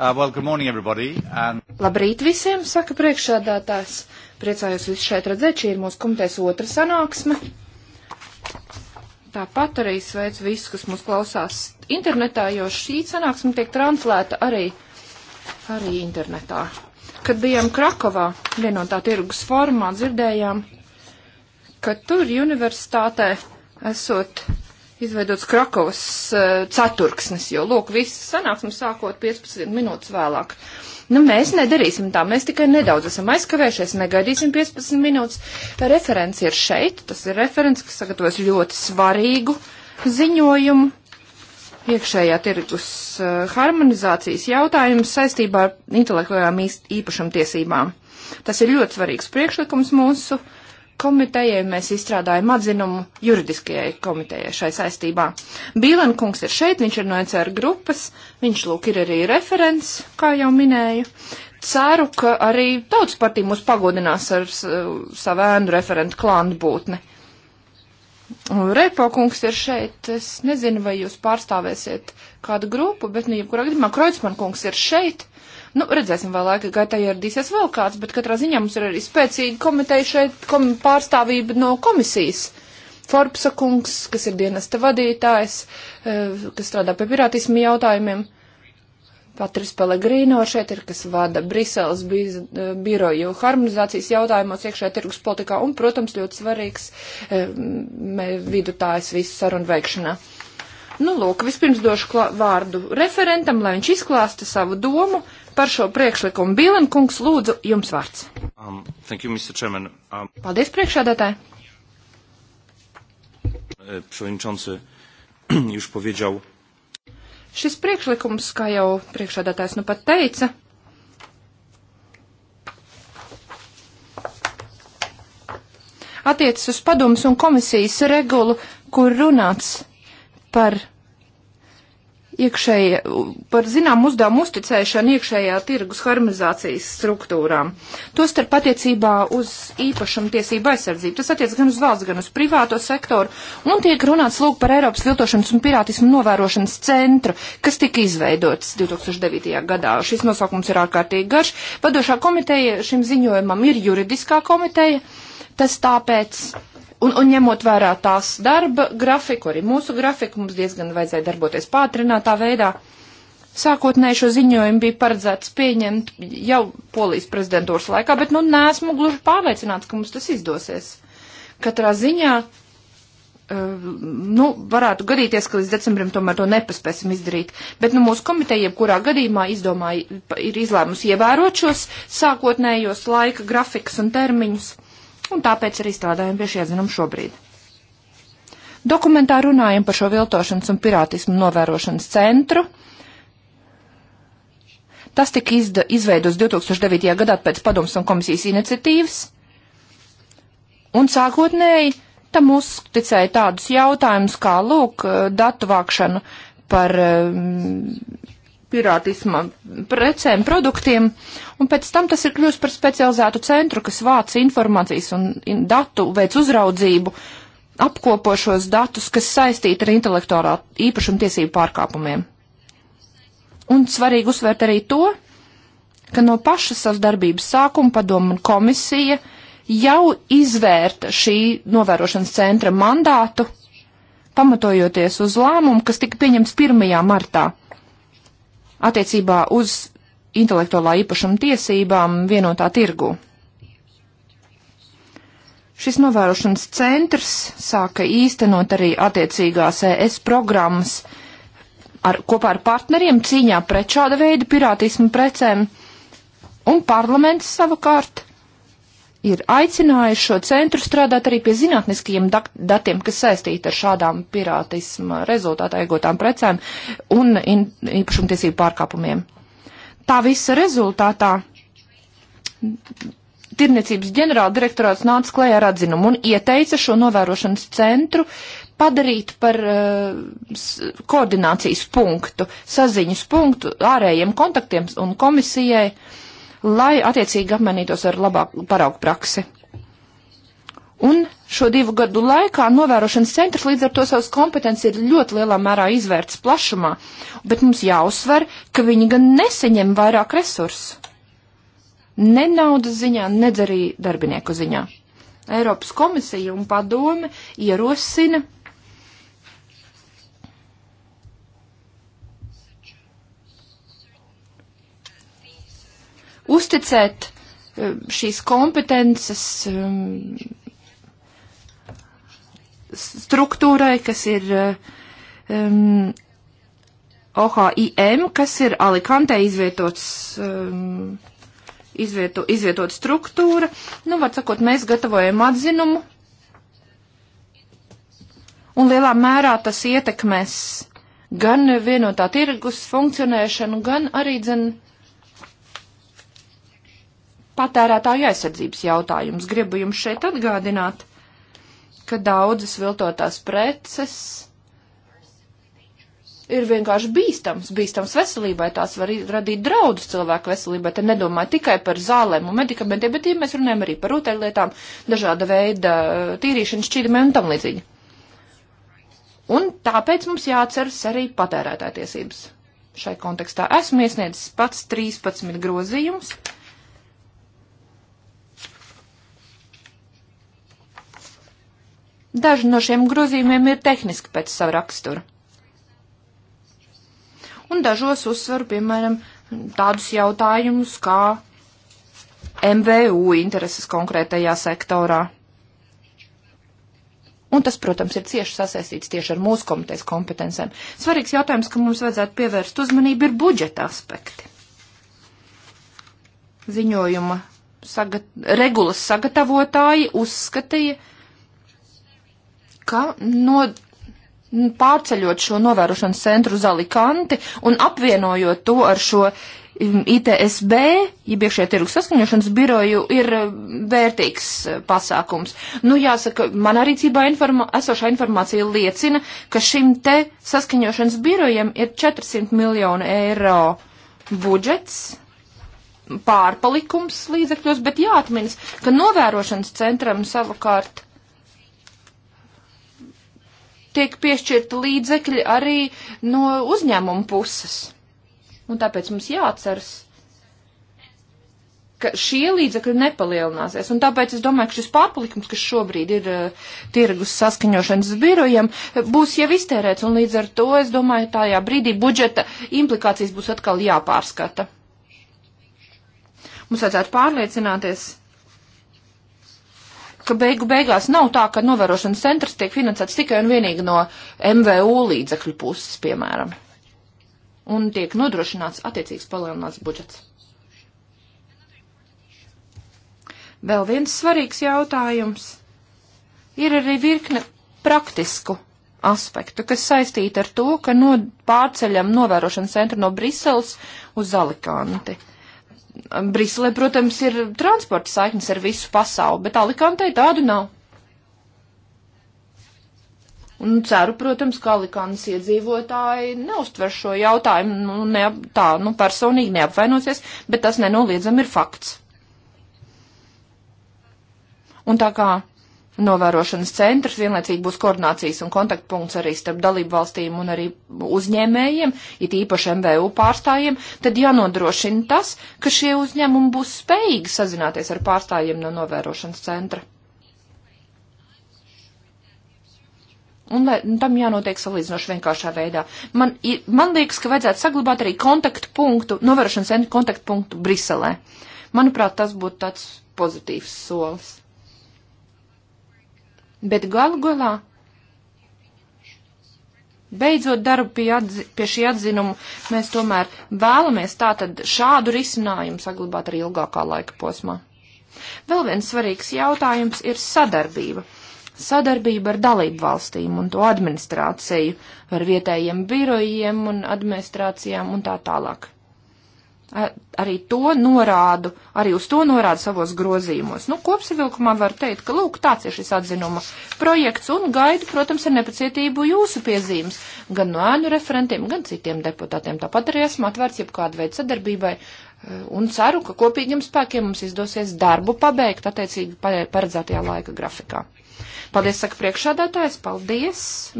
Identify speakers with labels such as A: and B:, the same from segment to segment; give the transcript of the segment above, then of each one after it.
A: Uh, well, good morning, everybody. And...
B: Labrīt visiem, saka priekšādātājs. Priecājos jūs šeit redzēt, šī ir mūsu komitejas otra sanāksme. Tāpat arī sveicu visus, kas mūs klausās internetā, jo šī sanāksme tiek translēta arī, arī internetā. Kad bijām Krakovā, vienotā tirgus formā, dzirdējām, ka tur universitātē esot izveidots Krakovas uh, eh, ceturksnis, jo, lūk, visas sanāksmes sākot 15 minūtes vēlāk. Nu, mēs nedarīsim tā, mēs tikai nedaudz esam aizkavējušies, negaidīsim 15 minūtes. Referents ir šeit, tas ir referents, kas sagatavos ļoti svarīgu ziņojumu. Iekšējā tirgus uh, harmonizācijas jautājums saistībā ar intelektuālām īpašumtiesībām. Tas ir ļoti svarīgs priekšlikums mūsu uh, komitejai, mēs izstrādājam atzinumu juridiskajai komitejai šai saistībā. Bīlen kungs ir šeit, viņš ir no ECR grupas, viņš lūk ir arī referents, kā jau minēju. Ceru, ka arī tautas partija mūs pagodinās ar savu ēnu referentu klānu būtni. Repo kungs ir šeit, es nezinu, vai jūs pārstāvēsiet kādu grupu, bet, nu, jebkurā gadījumā Kreutzmann kungs ir šeit. Uh, Nu, redzēsim, vai laika gaitā ieradīsies vēl kāds, bet katrā ziņā mums ir arī spēcīga komiteja šeit, kom pārstāvība no komisijas. Forbsa kungs, kas ir dienesta vadītājs, e, kas strādā pie pirātismu jautājumiem. Patris Pelegrīno šeit ir, kas vada Briseles biz, e, biroju harmonizācijas jautājumos iekšējā tirgus politikā un, protams, ļoti svarīgs e, vidutājs visu sarunu veikšanā. Nu, lūk, vispirms došu vārdu referentam, lai viņš izklāsta savu domu, par šo priekšlikumu. Bīlenkungs, lūdzu, jums vārds.
A: Um, thank you, Mr. Chairman. Um,
B: Paldies, priekšādātāji.
A: Uh, przewodniczący już powiedział.
B: Šis priekšlikums, kā jau priekšādātājs nu pat teica, attiecas uz padomus un komisijas regulu, kur runāts par iekšēja, par zinām uzdevumu uzticēšanu iekšējā tirgus harmonizācijas struktūrām. Tostarp attiecībā uz īpašumu tiesību aizsardzību. Tas attiec gan uz valsts, gan uz privāto sektoru. Un tiek runāts lūk par Eiropas viltošanas un pirātismu novērošanas centru, kas tika izveidots 2009. gadā. Šis nosaukums ir ārkārtīgi garš. Vadošā komiteja šim ziņojumam ir juridiskā komiteja. Tas tāpēc Un, un ņemot vērā tās darba grafiku, arī mūsu grafiku, mums diezgan vajadzēja darboties pātrinātā veidā. Sākotnēji šo ziņojumu bija paredzēts pieņemt jau polijas prezidentūras laikā, bet nu nesmu gluži pārliecināts, ka mums tas izdosies. Katrā ziņā, eh, nu, varētu gadīties, ka līdz decembrim tomēr to nepaspēsim izdarīt, bet nu mūsu komiteja, jebkurā gadījumā, izdomāja, ir izlēmusi ievērot šos sākotnējos laika grafikas un termiņus un tāpēc arī strādājam pie šī atzinuma šobrīd. Dokumentā runājam par šo viltošanas un pirātismu novērošanas centru. Tas tika izda, izveidots 2009. gadā pēc padomus un komisijas iniciatīvas, un sākotnēji tam uzticēja tādus jautājumus kā, lūk, datu vākšanu par um, pirātisma precēm, produktiem, un pēc tam tas ir kļūst par specializētu centru, kas vāc informācijas un datu, veic uzraudzību, apkopo šos datus, kas saistīti ar intelektuālā īpašuma tiesību pārkāpumiem. Un svarīgi uzsvērt arī to, ka no paša savas darbības sākuma padomu un komisija jau izvērta šī novērošanas centra mandātu, pamatojoties uz lēmumu, kas tika pieņemts 1. martā attiecībā uz intelektuālā īpašuma tiesībām vienotā tirgu. Šis novērošanas centrs sāka īstenot arī attiecīgās ES programmas ar, kopā ar partneriem cīņā pret šāda veida pirātismu precēm, un parlaments savukārt ir aicinājuši šo centru strādāt arī pie zinātniskajiem datiem, kas saistīti ar šādām pirātisma rezultātā iegūtām precēm un īpašumtiesību pārkāpumiem. Tā visa rezultātā Tirniecības ģenerāla direktorāts nāca klējā ar atzinumu un ieteica šo novērošanas centru padarīt par uh, koordinācijas punktu, saziņas punktu ārējiem kontaktiem un komisijai. Uh, lai attiecīgi apmainītos ar labāku paraugu praksi. Un šo divu gadu laikā novērošanas centrs līdz ar to savas kompetences ir ļoti lielā mērā izvērts plašumā, bet mums jāuzsver, ka viņi gan neseņem vairāk resursu. Ne naudas ziņā, nedz arī darbinieku ziņā. Eiropas komisija un padome ierosina uzticēt eh, šīs kompetences eh, struktūrai, kas ir um, eh, OHIM, kas ir Alikantē izvietots, um, izvieto, izvietot struktūra. Nu, var sakot, mēs gatavojam atzinumu, un lielā mērā tas ietekmēs gan vienotā tirgus funkcionēšanu, gan arī, dzen, uh, patērētāju aizsardzības jautājums. Gribu jums šeit atgādināt, ka daudzas viltotās preces ir vienkārši bīstams, bīstams veselībai, tās var radīt draudus cilvēku veselībai, te nedomāju tikai par zālēm un medikamentiem, bet, ja mēs runājam arī par rūteļlietām, dažāda veida uh, tīrīšanas šķīdumiem un tam līdzīgi. Un tāpēc mums jāatceras arī patērētātiesības. Šai kontekstā esmu iesniedzis pats 13 grozījumus Daži no šiem grozījumiem ir tehniski pēc savu raksturu. Un dažos uzsveru, piemēram, tādus jautājumus kā MVU intereses konkrētajā sektorā. Un tas, protams, ir cieši sasaistīts tieši ar mūsu komitejas kompetencēm. Svarīgs jautājums, kam mums vajadzētu pievērst uzmanību, ir budžeta aspekti. Ziņojuma sagat regulas sagatavotāji uzskatīja, ka no, pārceļot šo novērošanas centru uz Alikanti un apvienojot to ar šo um, ITSB, jeb ja iekšējā tirgus saskaņošanas biroju, ir um, vērtīgs uh, pasākums. Nu, jāsaka, manā rīcībā informa esošā informācija liecina, ka šim te saskaņošanas birojam ir 400 miljonu eiro budžets, pārpalikums līdzekļos, bet jāatminas, ka novērošanas centram savukārt tiek piešķirta līdzekļi arī no uzņēmuma puses. Un tāpēc mums jāatceras, ka šie līdzekļi nepalielināsies. Un tāpēc es domāju, ka šis pārpalikums, kas šobrīd ir uh, tirgus saskaņošanas birojam, būs jau iztērēts. Un līdz ar to, es domāju, tajā brīdī budžeta implikācijas būs atkal jāpārskata. Mums vajadzētu pārliecināties, ka beigu beigās nav tā, ka novērošanas centrs tiek finansēts tikai un vienīgi no MVU līdzekļu puses, piemēram. Un tiek nodrošināts attiecīgs palielināts budžets. Vēl viens svarīgs jautājums. Ir arī virkne praktisku aspektu, kas saistīta ar to, ka no pārceļam novērošanas centru no Briseles uz Alikanti. Uh, Briselē, protams, ir transporta saiknes ar visu pasauli, bet Alikantei tādu nav. Un ceru, protams, ka Alikānas iedzīvotāji neuztver šo jautājumu, nu, ne, tā, nu, personīgi neapvainosies, bet tas nenoliedzami ir fakts. Un tā kā novērošanas centrs, vienlaicīgi būs koordinācijas un kontaktpunkts arī starp dalību valstīm un arī uzņēmējiem, it īpaši MVU pārstājiem, tad jānodrošina tas, ka šie uzņēmumi būs spējīgi sazināties ar pārstājiem no novērošanas centra. Un lai, nu, tam jānotiek salīdzinoši vienkāršā veidā. Man, ir, man liekas, ka vajadzētu saglabāt arī kontaktpunktu, novērošanas centra kontaktpunktu Briselē. Manuprāt, tas būtu tāds pozitīvs solis. Bet galu galā, beidzot darbu pie, atzi, pie šī atzinuma, mēs tomēr vēlamies tātad šādu risinājumu saglabāt arī ilgākā laika posmā. Vēl viens svarīgs jautājums ir sadarbība. Sadarbība ar dalību valstīm un to administrāciju, ar vietējiem birojiem un administrācijām un tā tālāk arī to norādu, arī uz to norādu savos grozījumos. Nu, kopsavilkumā var teikt, ka lūk, tāds ir šis atzinuma projekts un gaidu, protams, ar nepacietību jūsu piezīmes gan no ēnu referentiem, gan citiem deputātiem. Tāpat arī esmu atvērts jebkādu veidu sadarbībai e, un ceru, ka kopīgiem spēkiem mums izdosies darbu pabeigt attiecīgi paredzētajā laika grafikā. Paldies, saka priekšādātājs, paldies,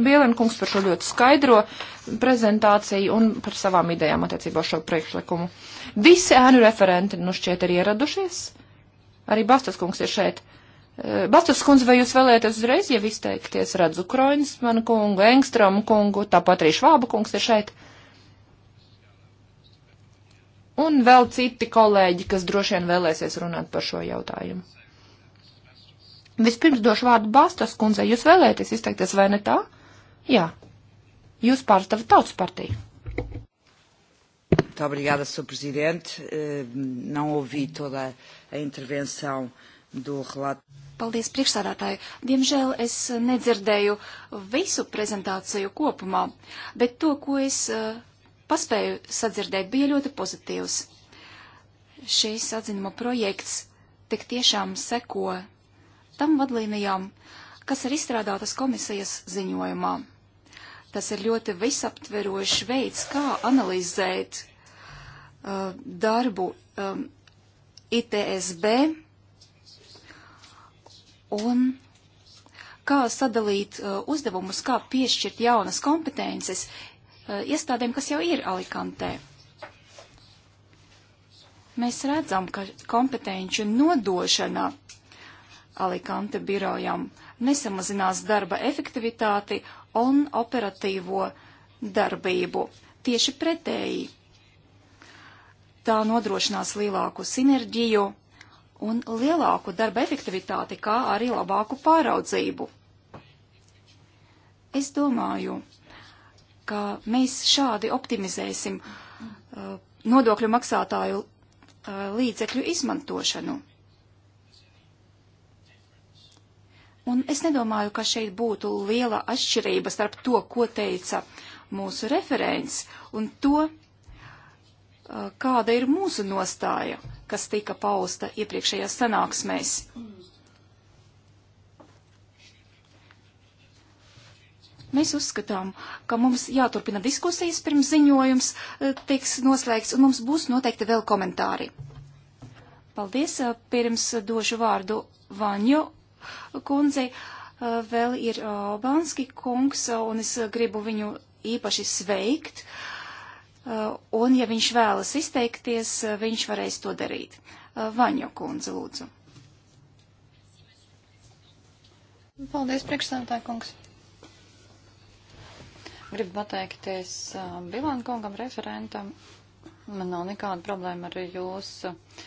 B: Bielenkungs, par šo ļoti skaidro prezentāciju un par savām idejām attiecībā šo priekšlikumu. Visi ēnu referenti, nu šķiet, ir ieradušies. Arī Bastas kungs ir šeit. Eh, Bastas kundze, vai jūs vēlēties uzreiz jau izteikties? Redzu Kroņas manu kungu, Engstrom kungu, tāpat arī Švāba kungs ir šeit un vēl citi kolēģi, kas droši vien vēlēsies runāt par šo jautājumu. Vispirms došu vārdu Bastas kundzei. Jūs vēlēties izteikties, vai ne tā? Jā. Jūs pārstāvat tautas partiju.
C: Muito obrigada, Sr. Presidente. Eh, não ouvi toda a intervenção do relator. Paldies, priekšsādātāji. Diemžēl es nedzirdēju visu prezentāciju kopumā, bet to, ko es eh, paspēju sadzirdēt, bija ļoti pozitīvs. Šīs atzinuma projekts tik tiešām seko tam vadlīnijām, kas ir izstrādātas komisijas ziņojumā. Tas ir ļoti visaptverošs veids, kā analizēt uh, darbu um, ITSB un kā sadalīt uh, uzdevumus, kā piešķirt jaunas kompetences uh, iestādēm, kas jau ir Alikantē. Mēs redzam, ka kompetenci nodošana uh, Alikante birojam nesamazinās darba efektivitāti un operatīvo darbību. Tieši pretēji. Tā nodrošinās lielāku sinerģiju un lielāku darba efektivitāti, kā arī labāku pāraudzību. Es domāju, ka mēs šādi optimizēsim uh, nodokļu maksātāju uh, līdzekļu izmantošanu. Un es nedomāju, ka šeit būtu liela atšķirība starp to, ko teica mūsu referents, un to, uh, kāda ir mūsu nostāja, kas tika pausta iepriekšējās sanāksmēs. Mēs uzskatām, ka mums jāturpina diskusijas pirms ziņojums uh, tiks noslēgts, un mums būs noteikti vēl komentāri. Paldies, uh, pirms došu vārdu Vaņo kundzei. Eh, vēl ir eh, Banski kungs, eh, un es gribu viņu īpaši sveikt. Un, ja viņš vēlas izteikties, viņš varēs to darīt. Vaņo kundze, lūdzu.
A: Paldies, priekšsēdētāj kungs. Gribu pateikties Bilan kungam, referentam. Man nav nekāda problēma ar jūsu. Uh,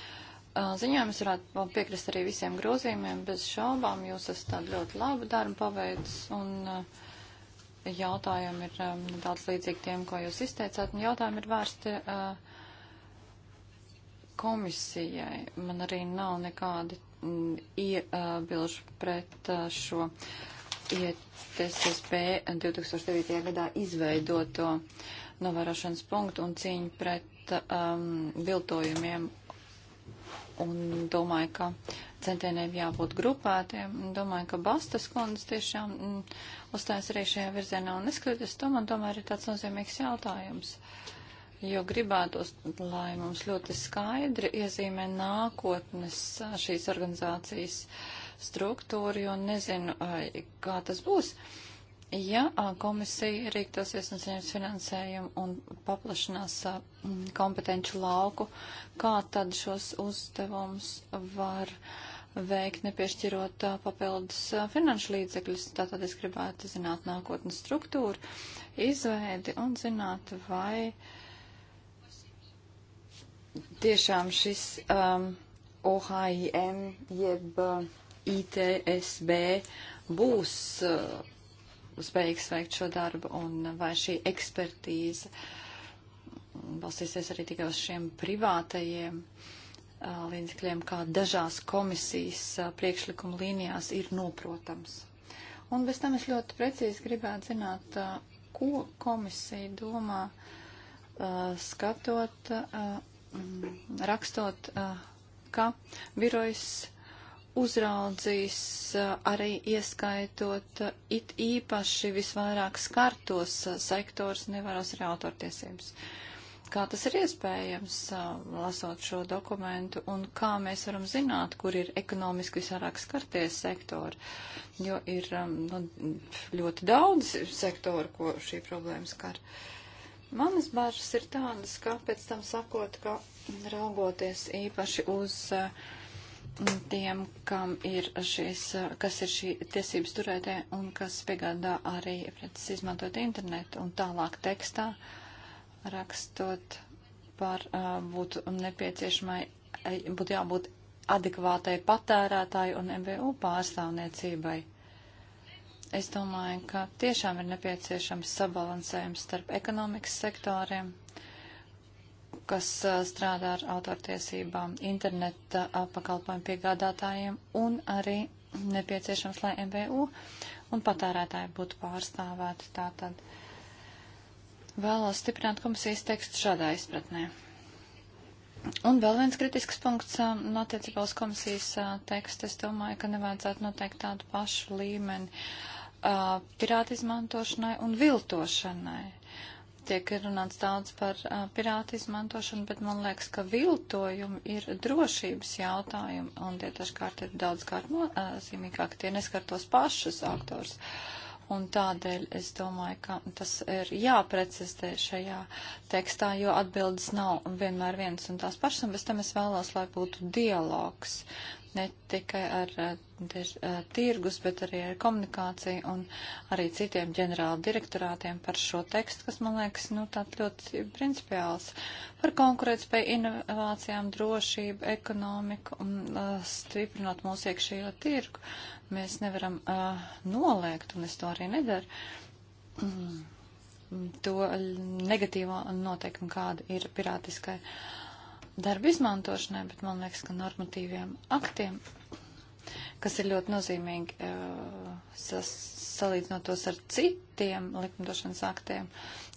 A: ziņojumu. Es varētu piekrist arī visiem grozījumiem, bez šaubām. Jūs esat tādu ļoti labu darbu paveicis, un jautājumi ir nedaudz līdzīgi tiem, ko jūs izteicāt, un jautājumi ir vērsti komisijai. Man arī nav nekādi iebilžu pret šo ITSSP 2009. gadā izveidoto novērošanas punktu un cīņu pret um, viltojumiem un domāju, ka centieniem jābūt grupētiem. Domāju, ka Bastas kundze tiešām mm, uzstājas arī šajā virzienā un neskatoties to, man tomēr ir tāds nozīmīgs jautājums. Jo gribētos, lai mums ļoti skaidri iezīmē nākotnes šīs organizācijas struktūru, jo nezinu, kā tas būs. Uh, ja komisija rīktosies un saņems finansējumu un paplašinās kompetenču lauku, kā tad šos uzdevumus var veikt, nepiešķirot papildus finanšu līdzekļus. Tātad es gribētu zināt nākotnes struktūru, izveidi un zināt, vai tiešām šis um, OHIM jeb ITSB būs. Uh, spējīgs veikt šo darbu un vai šī ekspertīze balstīsies arī tikai uz šiem privātajiem uh, līdzekļiem, kā dažās komisijas uh, priekšlikuma līnijās ir noprotams. Un bez tam es ļoti precīzi gribētu zināt, uh, ko komisija domā skatot, mm, rakstot, ka birojas uzraudzīs eh, arī ieskaitot eh, it īpaši visvairāk skartos eh, sektors, nevaros arī autortiesības. Kā tas ir iespējams, lasot šo dokumentu, un kā mēs varam zināt, kur ir ekonomiski visvairāk skarties sektori, jo ir ehm, nu, ļoti daudz sektoru, ko šī problēma skar. Manas bažas ir tādas, ka pēc tam sakot, ka raugoties īpaši uz uh, tiem, kam ir šīs, kas ir šī tiesības turētē un kas piegādā arī preces izmantot internetu un tālāk tekstā rakstot par būtu nepieciešamai, būtu jābūt adekvātai patērētāju un MVU pārstāvniecībai. Es domāju, ka tiešām ir nepieciešams sabalansējums starp ekonomikas sektoriem, kas strādā ar autortiesībām, interneta pakalpojumu piegādātājiem un arī nepieciešams, lai MVU un patērētāji būtu pārstāvēti. Tātad vēlos stiprināt komisijas tekstu šādā izpratnē. Un vēl viens kritisks punkts attiecībā uz komisijas tekstu. Es domāju, ka nevajadzētu noteikt tādu pašu līmeni pirāta izmantošanai un viltošanai Tiek runāts daudz par uh, pirātu izmantošanu, bet man liekas, ka viltojumi ir drošības jautājumi, un tie taškārt ir daudz kārt nozīmīgāk, tie neskar tos pašus aktors. Un tādēļ es domāju, ka tas ir jāprecizē šajā tekstā, jo atbildes nav vienmēr viens un tās pašas, un bez tam es vēlos, lai būtu dialogs. Uh, ne tikai ar tirgus, bet arī ar komunikāciju un arī citiem ģenerāla direktorātiem par šo tekstu, kas, man liekas, nu, tāds ļoti principiāls par konkurētspēju, inovācijām, drošību, ekonomiku un uh, stiprinot mūsu iekšējo tirgu. Mēs nevaram uh, noliegt, un es to arī nedaru. Mm to negatīvo noteikumu, kāda ir pirātiskai darba izmantošanai, bet man liekas, ka normatīviem aktiem, kas ir ļoti nozīmīgi uh, salīdzinot tos ar citiem likumdošanas aktiem,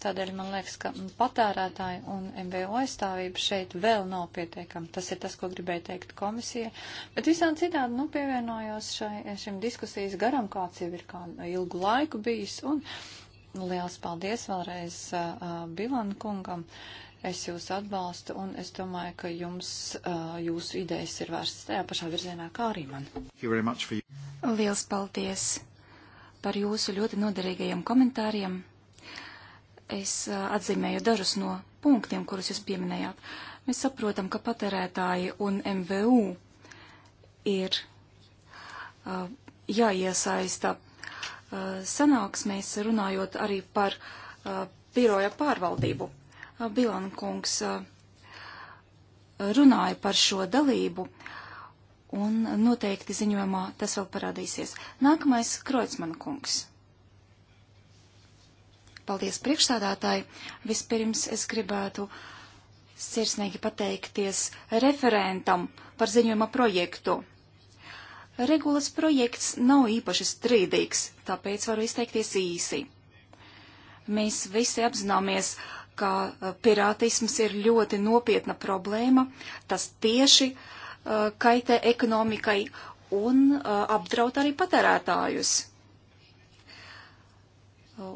A: tādēļ man liekas, ka patērētāji un MVO aizstāvība šeit vēl nav pietiekama. Tas ir tas, ko gribēju teikt komisijai, bet visādi citādi, nu, pievienojos šai, šim diskusijas garam, kāds jau ir kā ilgu laiku bijis, un liels paldies vēlreiz uh, Bilan kungam. Uh, Es jūs atbalstu un es domāju, ka jums uh, jūsu idejas ir vērstas tajā pašā virzienā kā arī man. Liels
C: paldies par jūsu ļoti noderīgajiem komentāriem. Es uh, atzīmēju dažus no punktiem, kurus jūs pieminējāt. Mēs saprotam, ka patērētāji un MVU ir uh, jāiesaista uh, sanāksmēs runājot arī par uh, biroja pārvaldību. Bilankungs runāja par šo dalību, un noteikti ziņojumā tas vēl parādīsies. Nākamais Kreutzmann kungs. Paldies priekšstādātāji. Vispirms es gribētu sirsnīgi pateikties referentam par ziņojuma projektu. Regulas projekts nav īpaši strīdīgs, tāpēc varu izteikties īsi. Mēs visi apzināmies, uh, ka uh, pirātisms ir ļoti nopietna problēma. Tas tieši uh, kaitē ekonomikai un uh, apdraud arī patērētājus. Uh,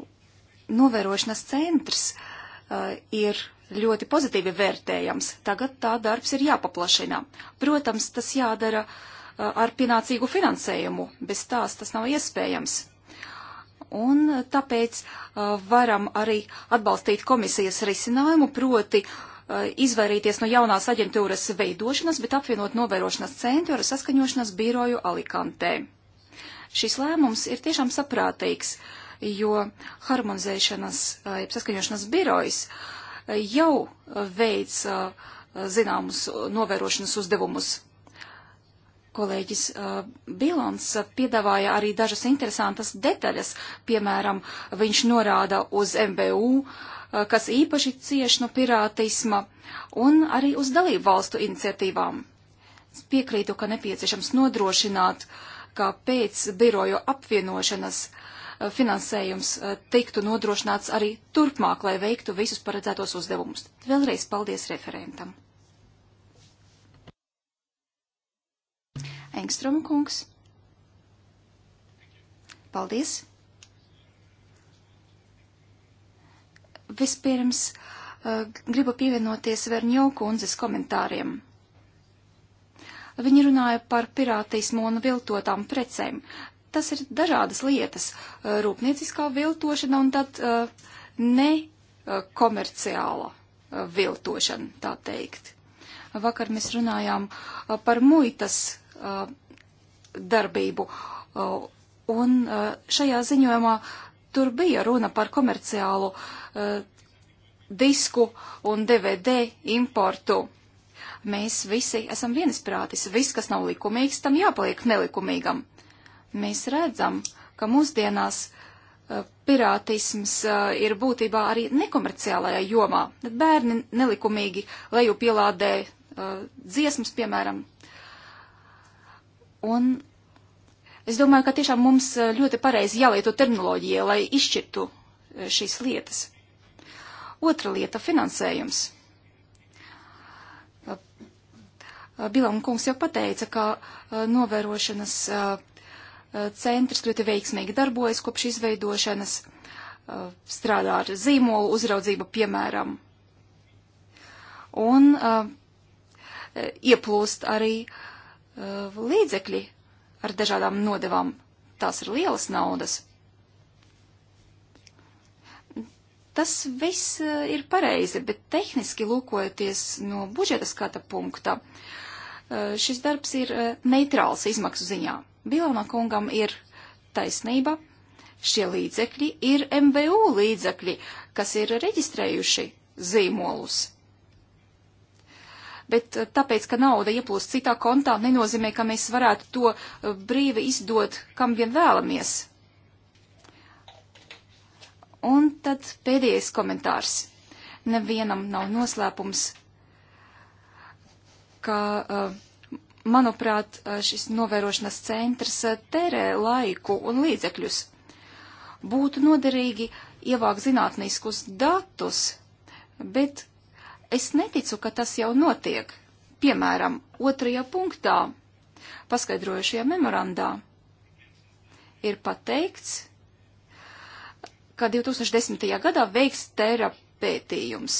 C: novērošanas centrs uh, ir ļoti pozitīvi vērtējams. Tagad tā darbs ir jāpaplašina. Protams, tas jādara uh, ar pienācīgu finansējumu. Bez tās tas nav iespējams un tāpēc varam arī atbalstīt komisijas risinājumu, proti izvairīties no jaunās aģentūras veidošanas, bet apvienot novērošanas centru ar saskaņošanas biroju Alikantē. Šis lēmums ir tiešām saprātīgs, jo harmonizēšanas, jeb saskaņošanas birojas jau veids zināmus novērošanas uzdevumus kolēģis uh, Bilons piedāvāja arī dažas interesantas detaļas. Piemēram, viņš norāda uz MBU, uh, kas īpaši cieš no pirātisma, un arī uz dalību valstu iniciatīvām. Es piekrītu, ka nepieciešams nodrošināt, ka pēc biroju apvienošanas uh, finansējums uh, tiktu nodrošināts arī turpmāk, lai veiktu visus paredzētos uzdevumus. Vēlreiz paldies referentam! Engstroma kungs. Paldies! Vispirms uh, gribu pievienoties Verņo kundzes komentāriem. Viņi runāja par pirātismu un viltotām precēm. Tas ir dažādas lietas uh, - rūpnieciskā viltošana un tad uh, eh, nekomerciāla viltošana, tā teikt. Vakar mēs runājām par muitas Uh, darbību. Uh, un uh, šajā ziņojumā tur bija runa par komerciālu disku un DVD importu. Mēs visi esam viensprātis, viss, kas nav likumīgs, tam jāpaliek nelikumīgam. Mēs redzam, ka mūsdienās pirātisms ir būtībā arī nekomerciālajā jomā. Bērni nelikumīgi lejupielādē dziesmas, piemēram, Un es domāju, ka tiešām mums e, ļoti pareizi jālieto terminoloģija, lai izšķirtu e, šīs lietas. Otra lieta - finansējums. E, Bilam kungs jau pateica, ka novērošanas centrs ļoti veiksmīgi darbojas kopš izveidošanas, strādā ar zīmolu uzraudzību, piemēram. Un ieplūst arī uh, Uh, līdzekļi ar dažādām nodevām. Tās ir lielas naudas. Tas viss uh, ir pareizi, bet tehniski lūkojoties no budžeta skata punkta, uh, šis darbs ir neitrāls izmaksu ziņā. Bilona kungam ir taisnība. Šie līdzekļi ir MVU līdzekļi, kas ir reģistrējuši zīmolus bet eh, tāpēc, ka nauda ieplūst citā kontā, nenozīmē, ka mēs varētu to eh, brīvi izdot, kam vien vēlamies. Un tad pēdējais komentārs. Nevienam nav noslēpums, ka, eh, manuprāt, šis novērošanas centrs terē laiku un līdzekļus. Būtu noderīgi ievākt zinātniskus datus, bet Es neticu, ka tas jau notiek. Piemēram, otrajā punktā, paskaidrojušajā memorandā, ir pateikts, ka 2010. gadā veiks terapētījums.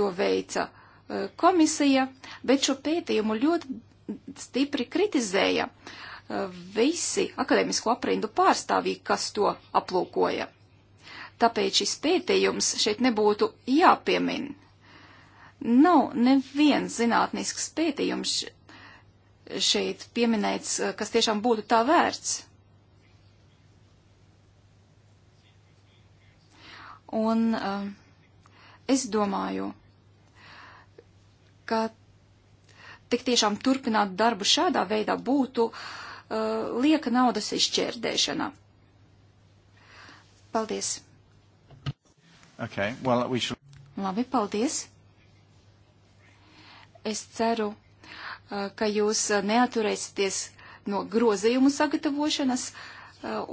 C: To veica e, komisija, bet šo pētījumu ļoti stipri kritizēja e, visi akadēmisko aprindu pārstāvī, kas to aplūkoja. Tāpēc šis pētījums šeit nebūtu jāpiemin. Nav neviens zinātnisks pētījums šeit pieminēts, eh, kas tiešām būtu tā vērts. Un uh, es domāju, ka tik tiešām turpināt darbu šādā veidā būtu uh, lieka naudas izšķērdēšana. Paldies!
A: Okay, well, we should...
C: Labi, paldies! Es ceru, ka jūs neaturēsieties no grozījumu sagatavošanas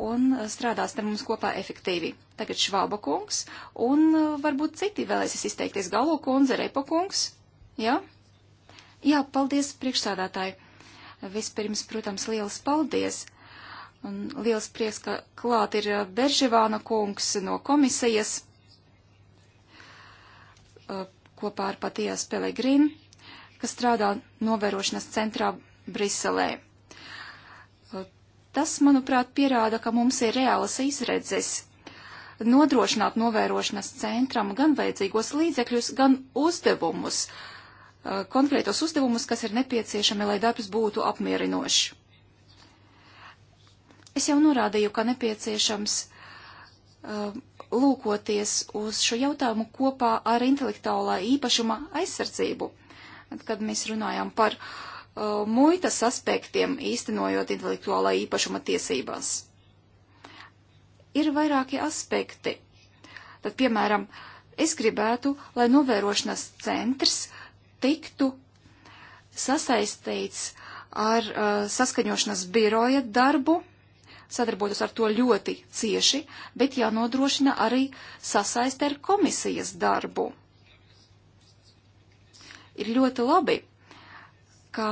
C: un strādāsiet ar mums kopā efektīvi. Tagad Švāba kungs un varbūt citi vēlēsies izteikties Galo kundze, Repa kungs. Jā? Jā, paldies priekšsādātāji. Vispirms, protams, liels paldies. Un liels prieks, ka klāt ir Berževāna kungs no komisijas kopā ar Patijas Pelegrinu kas strādā novērošanas centrā Briselē. Uh, tas, manuprāt, pierāda, ka mums ir reālas izredzes nodrošināt novērošanas centram gan vajadzīgos līdzekļus, gan uzdevumus, uh, konkrētos uzdevumus, kas ir nepieciešami, lai darbs būtu apmierinošs. Es jau norādīju, ka nepieciešams uh, lūkoties uz šo jautājumu kopā ar intelektuālā īpašuma aizsardzību kad mēs runājām par uh, muitas aspektiem īstenojot intelektuālā īpašuma tiesībās. Ir vairāki aspekti. Tad, piemēram, es gribētu, lai novērošanas centrs tiktu sasaistīts ar uh, saskaņošanas biroja darbu, sadarbotos ar to ļoti cieši, bet jānodrošina arī sasaist ar komisijas darbu ir ļoti labi, ka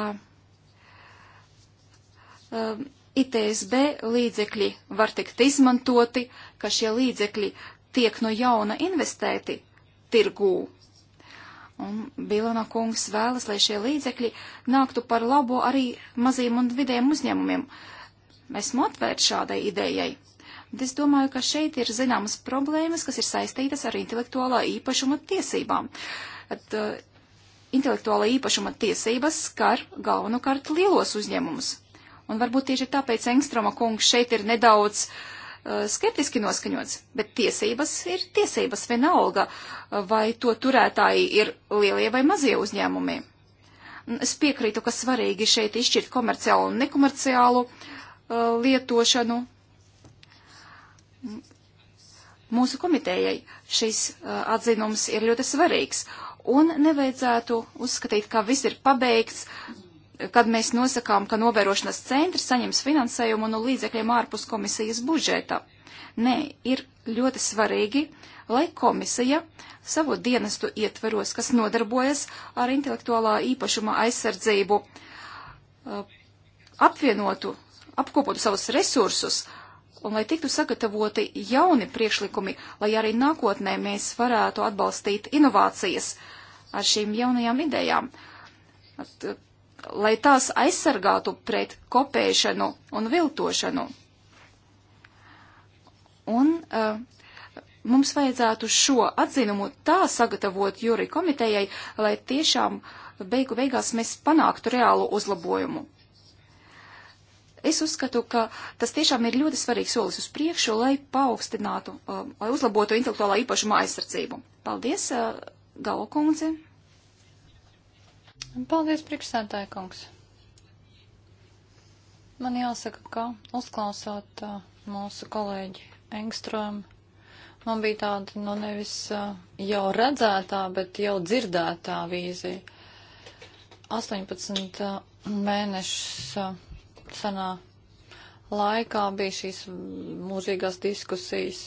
C: um, ITSB līdzekļi var tikt izmantoti, ka šie līdzekļi tiek no jauna investēti tirgū. Un Bilona kungs vēlas, lai šie līdzekļi nāktu par labu arī maziem un vidējiem uzņēmumiem. Esmu atvērts šādai idejai. Bet es domāju, ka šeit ir zināmas problēmas, kas ir saistītas ar intelektuālā īpašuma tiesībām. At, uh, intelektuāla īpašuma tiesības skar galvenokārt lielos uzņēmumus. Un varbūt tieši tāpēc Engstroma kungs šeit ir nedaudz uh, skeptiski noskaņots, bet tiesības ir tiesības vienalga, uh, vai to turētāji ir lielie vai mazie uzņēmumi. Es piekrītu, ka svarīgi šeit izšķirt komerciālu un nekomerciālu uh, lietošanu. Mūsu komitējai šis uh, atzinums ir ļoti svarīgs, Un nevajadzētu uzskatīt, ka viss ir pabeigts, kad mēs nosakām, ka novērošanas centri saņems finansējumu no līdzekļiem ārpus komisijas budžeta. Nē, ir ļoti svarīgi, lai komisija savu dienestu ietveros, kas nodarbojas ar intelektuālā īpašuma aizsardzību, apvienotu, apkopotu savus resursus, un lai tiktu sagatavoti jauni priekšlikumi, lai arī nākotnē mēs varētu atbalstīt inovācijas ar šīm jaunajām idejām, at, lai tās aizsargātu pret kopēšanu un viltošanu. Un uh, mums vajadzētu šo atzinumu tā sagatavot jūri komitejai, lai tiešām beigu beigās mēs panāktu reālu uzlabojumu. Es uzskatu, ka tas tiešām ir ļoti svarīgs solis uz priekšu, lai paaugstinātu, um, lai uzlabotu intelektuālā īpašuma aizsardzību.
A: Paldies, uh, Galo kundze! Paldies, priekšsētāja kungs! Man jāsaka, ka uzklausot uh, mūsu kolēģi Engströmu, man bija tāda, nu, nevis uh, jau redzētā, bet jau dzirdētā vīzija. 18 mēnešus senā laikā bija šīs mūžīgās diskusijas,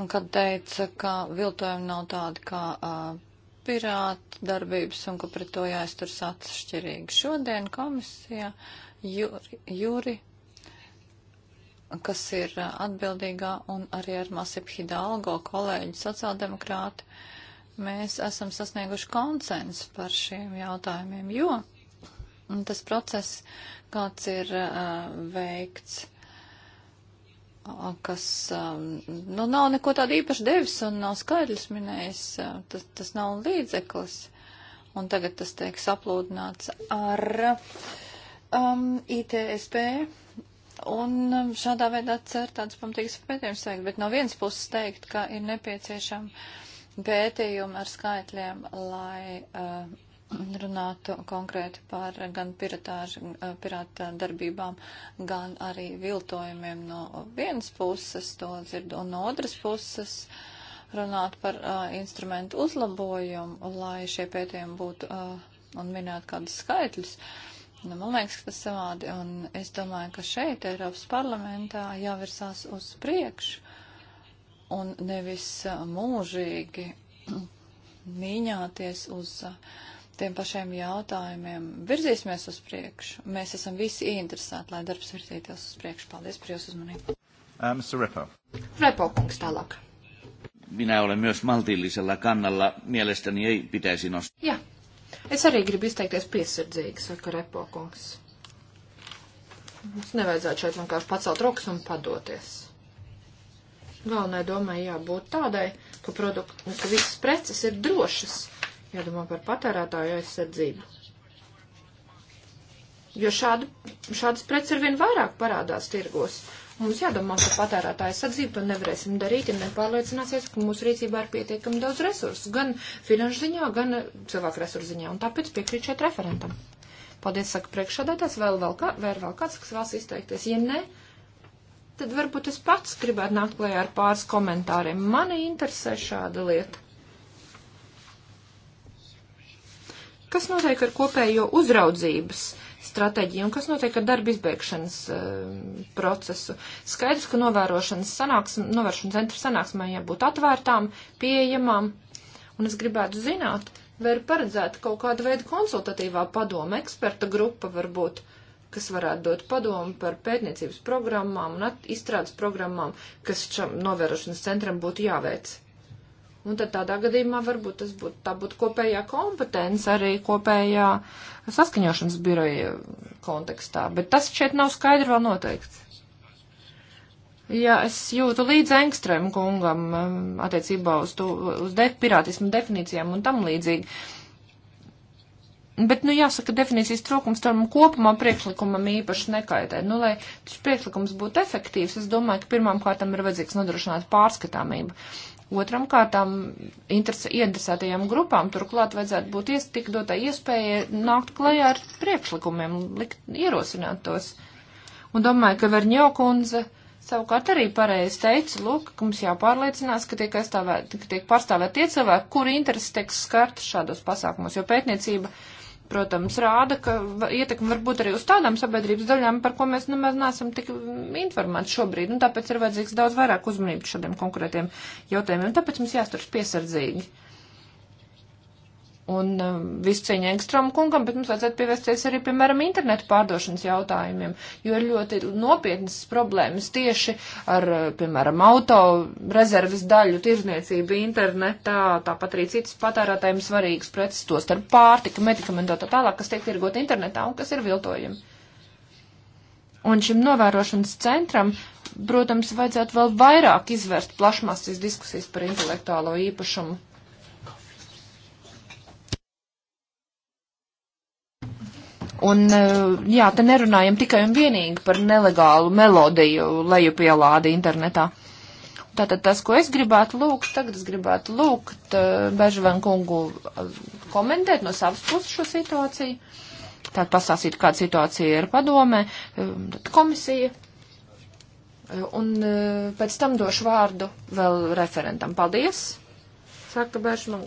A: un kad teica, ka viltojumi nav tādi kā uh, pirāta darbības un ka pret to jāizturas atšķirīgi. Šodien komisija Juri, Juri kas ir atbildīgā un arī ar Masip Hidalgo kolēģi sociāldemokrāti, mēs esam sasnieguši konsensu par šiem jautājumiem, jo tas process kāds ir uh, veikts, uh, kas uh, nu, nav neko tādu īpaši devis un nav skaidrs minējis, uh, tas, tas nav līdzeklis. Un tagad tas tiek saplūdināts ar um, ITSP. Un šādā veidā cer tāds pamatīgs pētījums veikt, bet no vienas puses teikt, ka ir nepieciešama pētījumi ar skaitļiem, lai uh, runātu konkrēti par gan piratāžu, eh, pirāta darbībām, gan arī viltojumiem no vienas puses, to dzirdu, un no otras puses runāt par uh, instrumentu uzlabojumu, lai šie pētījumi būtu uh, un minētu kādus skaitļus. Nu, man liekas, ka tas savādi, un es domāju, ka šeit Eiropas parlamentā jāvirsās uz priekšu un nevis uh, mūžīgi mīņāties uz. Uh, tiem pašiem jautājumiem. Virzīsimies uz priekšu. Mēs esam visi ieinteresēti, lai darbs virzītos uz priekšu. Paldies par jūsu uzmanību. Um, Repo. Repo kungs tālāk. Minä olen myös maltillisella kannalla. Mielestäni ei pitäisi nostaa.
B: Ja. Es arī gribu izteikties piesardzīgi, saka Repo kungs. Mums nevajadzētu šeit vienkārši pacelt rokas un padoties. Galvenai domai jābūt tādai, ka, produktu, ka visas preces ir drošas jādomā par patērētāju aizsardzību. Jo šādu, šādas preces ar vien vairāk parādās tirgos. Mums jādomā par patērētāju aizsardzību, to nevarēsim darīt, ja nepārliecināsies, ka mūsu rīcībā ir pietiekami daudz resursu, gan finanšu ziņā, gan cilvēku resursu ziņā. Un tāpēc piekrīt šeit referentam. Paldies, saka priekšādātājs, vēl, vēl, kā, vēl, vēl kāds, kas vēlas izteikties. Ja ne, tad varbūt es pats gribētu nākt klajā ar pāris komentāriem. Mani interesē šāda lieta. Kas notiek ar kopējo uzraudzības stratēģiju un kas notiek ar darba izbeigšanas uh, eh, procesu? Skaidrs, ka novērošanas sanāksme, novēršanas centra sanāksmē jābūt atvērtām, pieejamām, un es gribētu zināt, vai ir paredzēta kaut kāda veida konsultatīvā padoma, eksperta grupa varbūt, kas varētu dot padomu par pētniecības programmām un izstrādes programmām, kas šam novērošanas centram būtu jāveic. Un nu, tad tādā gadījumā varbūt tas būtu, tā būtu kopējā kompetence arī kopējā saskaņošanas biroja kontekstā, bet tas šeit nav skaidri vēl noteikts. Jā, es jūtu līdz Engstrēm kungam um, attiecībā uz, tu, uz de, pirātismu definīcijām un tam līdzīgi. Bet, nu, jāsaka, definīcijas trūkums tam kopumā priekšlikumam īpaši nekaitē. Nu, lai šis priekšlikums būtu efektīvs, es domāju, ka pirmām kārtām ir vajadzīgs nodrošināt pārskatāmību. Otram kārtām interesētajām grupām turklāt vajadzētu būt ies, tik dotā iespēja nākt klajā ar priekšlikumiem, likt, ierosināt tos. Un domāju, ka Verņo kundze savukārt arī pareizi teica, lūk, ka mums jāpārliecinās, ka tiek, aizstāvēt, ka tiek pārstāvēt tie cilvēki, kuri intereses tiek skarta šādos pasākumos, jo pētniecība protams, rāda, ka ietekme var būt arī uz tādām sabiedrības daļām, par ko mēs nemaz neesam tik informēti šobrīd, un tāpēc ir vajadzīgs daudz vairāk uzmanības šādiem konkrētiem jautājumiem, tāpēc mums jāsturas piesardzīgi. Un uh, visu cieņu Engstrom kungam, bet mums vajadzētu pievērsties arī, piemēram, internetu pārdošanas jautājumiem, jo ir ļoti nopietnas problēmas tieši ar, uh, piemēram, auto rezerves daļu tirzniecību internetā, tāpat arī citas patērētājiem svarīgas preces, to starp pārtika, medikamentu tā tālāk, kas tiek tirgot internetā un kas ir viltojumi. Un šim novērošanas centram, protams, vajadzētu vēl vairāk izvērst plašmasas diskusijas par intelektuālo īpašumu Un, eh, jā, te nerunājam tikai un vienīgi par nelegālu melodiju lejupielādi internetā. Tātad tas, ko es gribētu lūgt, tagad es gribētu lūgt eh, Bežvan kungu eh, komentēt no savas puses šo situāciju. Tātad pastāstīt, kāda situācija ir padome, komisija. Un pēc tam došu vārdu vēl referentam. Paldies! Saka Bežman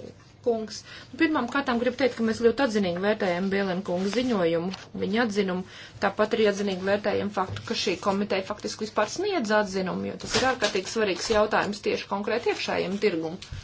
B: kungs. Pirmām kārtām gribu teikt, ka mēs ļoti atzinīgi vērtējam Bielena kunga ziņojumu, viņa atzinumu, tāpat arī atzinīgi vērtējam faktu, ka šī komiteja faktiski vispār sniedz atzinumu, jo tas ir ārkārtīgi svarīgs jautājums tieši konkrēti iekšējiem tirgumu.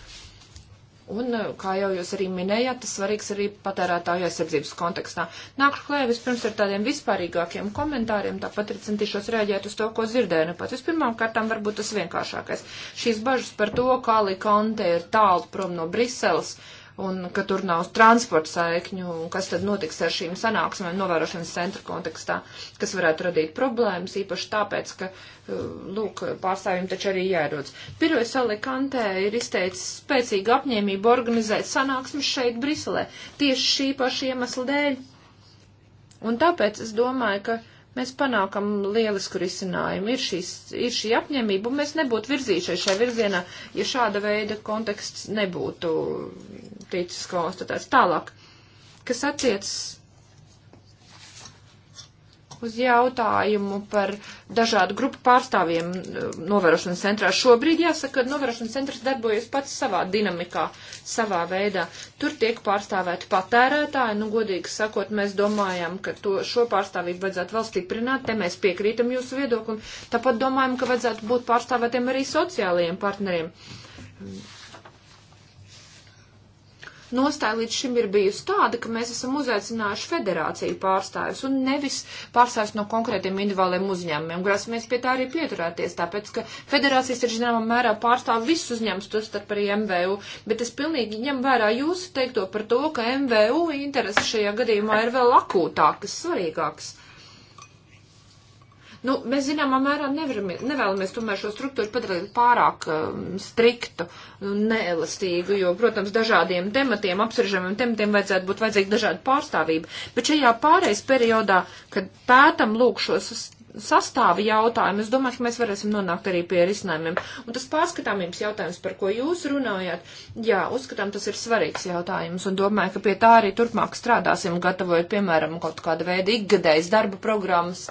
B: Un, eh, kā jau jūs arī minējāt, tas svarīgs arī patērētāju aizsardzības kontekstā. Nākšu klējā vispirms ar tādiem vispārīgākiem komentāriem, tāpat arī centīšos rēģēt uz to, ko dzirdēju. Nu, pats vispirmām kārtām varbūt tas vienkāršākais. Šīs bažas par to, kā Likante ir tālu prom no Briseles, uh, un ka tur nav transporta saikņu, un kas tad notiks ar šīm sanāksmēm novērošanas centra kontekstā, kas varētu radīt problēmas, īpaši tāpēc, ka, uh, lūk, pārstāvjiem taču arī jāierodas. Pirojas Alikantē ir izteicis spēcīgu apņēmību organizēt sanāksmes šeit, Briselē, tieši šī paša iemesla dēļ. Un tāpēc es domāju, ka mēs panākam lielisku risinājumu. Ir, šīs, ir šī apņemība, un mēs nebūtu virzījušies šajā virzienā, ja šāda veida konteksts nebūtu ticis konstatēts. Tālāk, kas attiecas uz jautājumu par dažādu grupu pārstāvjiem eh, novērošanas centrā. Šobrīd jāsaka, ka novērošanas centrs darbojas pats savā dinamikā, savā veidā. Tur tiek pārstāvēti patērētāji. Nu, godīgi sakot, mēs domājam, ka to, šo pārstāvību vajadzētu vēl stiprināt. Te mēs piekrītam jūsu viedoklim. Tāpat domājam, ka vajadzētu būt pārstāvētiem arī sociālajiem partneriem nostāja līdz šim ir bijusi tāda, ka mēs esam uzaicinājuši federāciju pārstāvis un nevis pārstāvis no konkrētiem individuāliem uzņēmumiem. Grasamies pie tā arī pieturēties, tāpēc, ka federācijas ir zināmā mērā pārstāv visus uzņēmumus, to starp arī MVU, bet es pilnīgi ņem vērā jūsu teikto par to, ka MVU interesi šajā gadījumā ir vēl akūtākas, svarīgākas. Nu, mēs zināmā mērā nevaram, nevēlamies tomēr šo struktūru padarīt pārāk um, striktu un nu, neelastīgu, jo, protams, dažādiem tematiem, apsveržamiem tematiem vajadzētu būt vajadzīga dažāda pārstāvība. Bet šajā pārejas periodā, kad pētam lūk šos sastāvi jautājumu, es domāju, ka mēs varēsim nonākt arī pie risinājumiem. Un tas pārskatāmības jautājums, par ko jūs runājāt, jā, uzskatām, tas ir svarīgs jautājums un domāju, ka pie tā arī turpmāk strādāsim, gatavojot, piemēram, kaut kāda veida ikgadējas darba programmas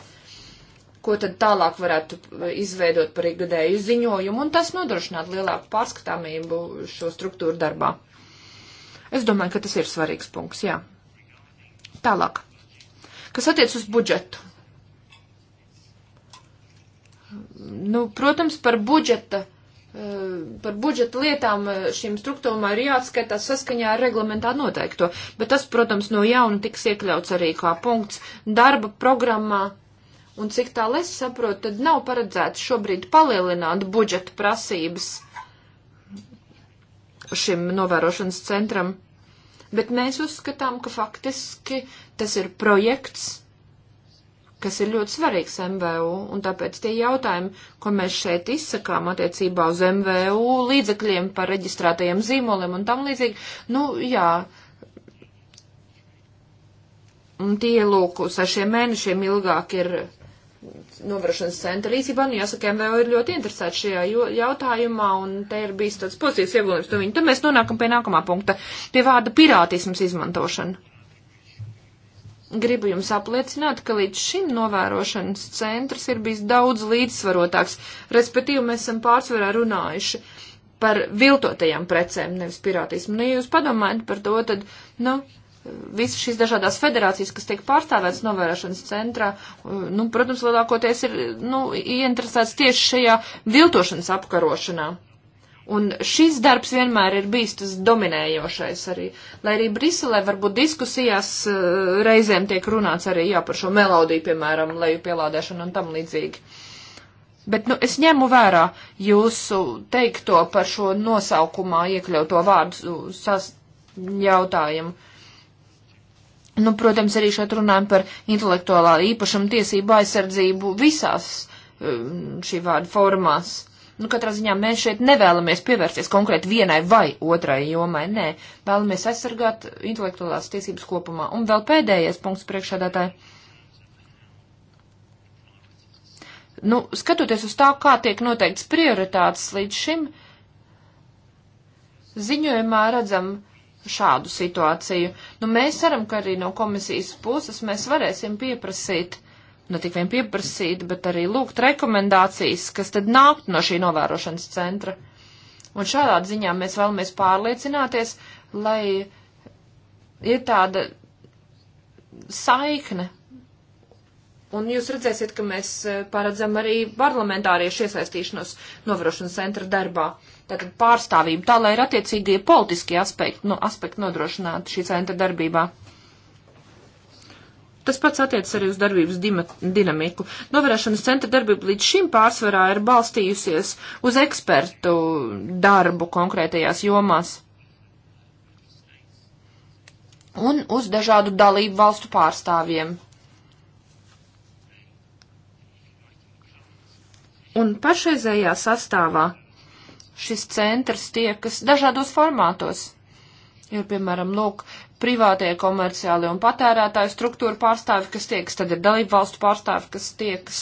B: ko tad tālāk varētu eh, izveidot par ikgadēju ziņojumu, un tas nodrošinātu lielāku pārskatāmību šo struktūru darbā. Es domāju, ka tas ir svarīgs punkts, jā. Tālāk. Kas attiec uz budžetu? Nu, protams, par budžeta, eh, par budžeta lietām eh, šīm struktūrām ir jāatskaitās saskaņā ar reglamentā noteikto, bet tas, protams, no jauna tiks iekļauts arī kā punkts darba programmā Un cik tālu es saprotu, tad nav paredzēts šobrīd palielināt budžeta prasības šim novērošanas centram. Bet mēs uzskatām, ka faktiski tas ir projekts, kas ir ļoti svarīgs MVU, un tāpēc tie jautājumi, ko mēs šeit izsakām attiecībā uz MVU līdzekļiem par reģistrētajiem zīmoliem un tam līdzīgi, nu jā, un tie lūk, sešiem mēnešiem ilgāk ir novērošanas centra rīcībā, nu jāsaka, MVO ir ļoti interesēti šajā jautājumā, un te ir bijis tāds pozitīvs ieguldījums no viņa. Tad mēs nonākam pie nākamā punkta, pie vārda pirātisms izmantošana. Gribu jums apliecināt, ka līdz šim novērošanas centrs ir bijis daudz līdzsvarotāks, respektīvi mēs esam pārsvarā runājuši par viltotajām precēm, nevis pirātismu. Nu, ja jūs padomājat par to, tad, nu, visas šīs dažādās federācijas, kas tiek pārstāvētas novērošanas centrā, nu, protams, lielākoties ir, nu, ieinteresēts tieši šajā viltošanas apkarošanā. Un šis darbs vienmēr ir bijis tas dominējošais arī. Lai arī Briselē varbūt diskusijās eh, reizēm tiek runāts arī jā, par šo melodiju, piemēram, leju pielādēšanu un tam līdzīgi. Bet nu, es ņemu vērā jūsu teikto par šo nosaukumā iekļauto vārdu jautājumu. Nu, protams, arī šeit runājam par intelektuālā īpašuma tiesību aizsardzību visās um, šī vārda formās. Nu, katrā ziņā mēs šeit nevēlamies pievērsties konkrēti vienai vai otrai jomai, nē, vēlamies aizsargāt intelektuālās tiesības kopumā. Un vēl pēdējais punkts priekšādātāji. Nu, skatoties uz tā, kā tiek noteikts prioritātes līdz šim, ziņojumā redzam, uh, šādu situāciju. Nu, mēs ceram, ka arī no komisijas puses mēs varēsim pieprasīt, ne nu, tik vien pieprasīt, bet arī lūgt rekomendācijas, kas tad nākt no šī novērošanas centra. Un šādā ziņā mēs vēlamies pārliecināties, lai ir tāda saikne Un jūs redzēsiet, ka mēs e, paredzam arī parlamentāriešu iesaistīšanos novarošanas centra darbā. Tātad pārstāvību tā, lai ir attiecīgie politiskie aspekti, no, aspekti nodrošināti šī centra darbībā. Tas pats attiec arī uz darbības dinamiku. Novēršanas centra darbība līdz šim pārsvarā ir balstījusies uz ekspertu darbu konkrētajās jomās un uz dažādu dalību valstu pārstāvjiem. Un pašreizējā sastāvā šis centrs tiekas dažādos formātos. Ir, piemēram, lūk, privātie komerciāli un patērētāju struktūra pārstāvi, kas tiekas, tad ir dalību valstu pārstāvi, kas tiekas.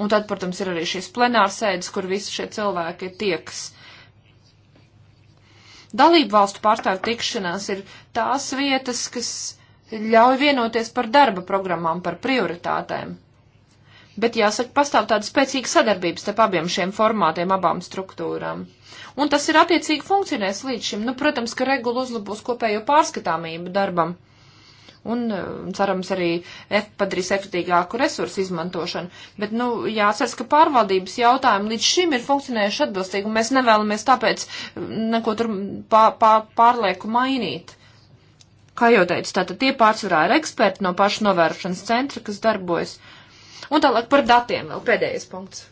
B: Un tad, protams, ir arī šīs plenārsēdes, kur visi šie cilvēki tiekas. Dalību valstu pārstāvi tikšanās ir tās vietas, kas ļauj vienoties par darba programmām, par prioritātēm bet jāsaka, pastāv tāda spēcīga sadarbības starp abiem šiem formātiem, abām struktūrām. Un tas ir attiecīgi funkcionēs līdz šim. Nu, protams, ka regula uzlabos kopējo pārskatāmību darbam. Un eh, cerams arī F padarīs efektīgāku resursu izmantošanu. Bet, nu, jāatceras, ka pārvaldības jautājumi līdz šim ir funkcionējuši atbilstīgi, un mēs nevēlamies tāpēc eh, neko tur pār, pār, pārlieku mainīt kā jau teicu, tātad tie pārsvarā ir eksperti no pašu novēršanas centra, kas darbojas Un tālāk par datiem vēl pēdējais punkts.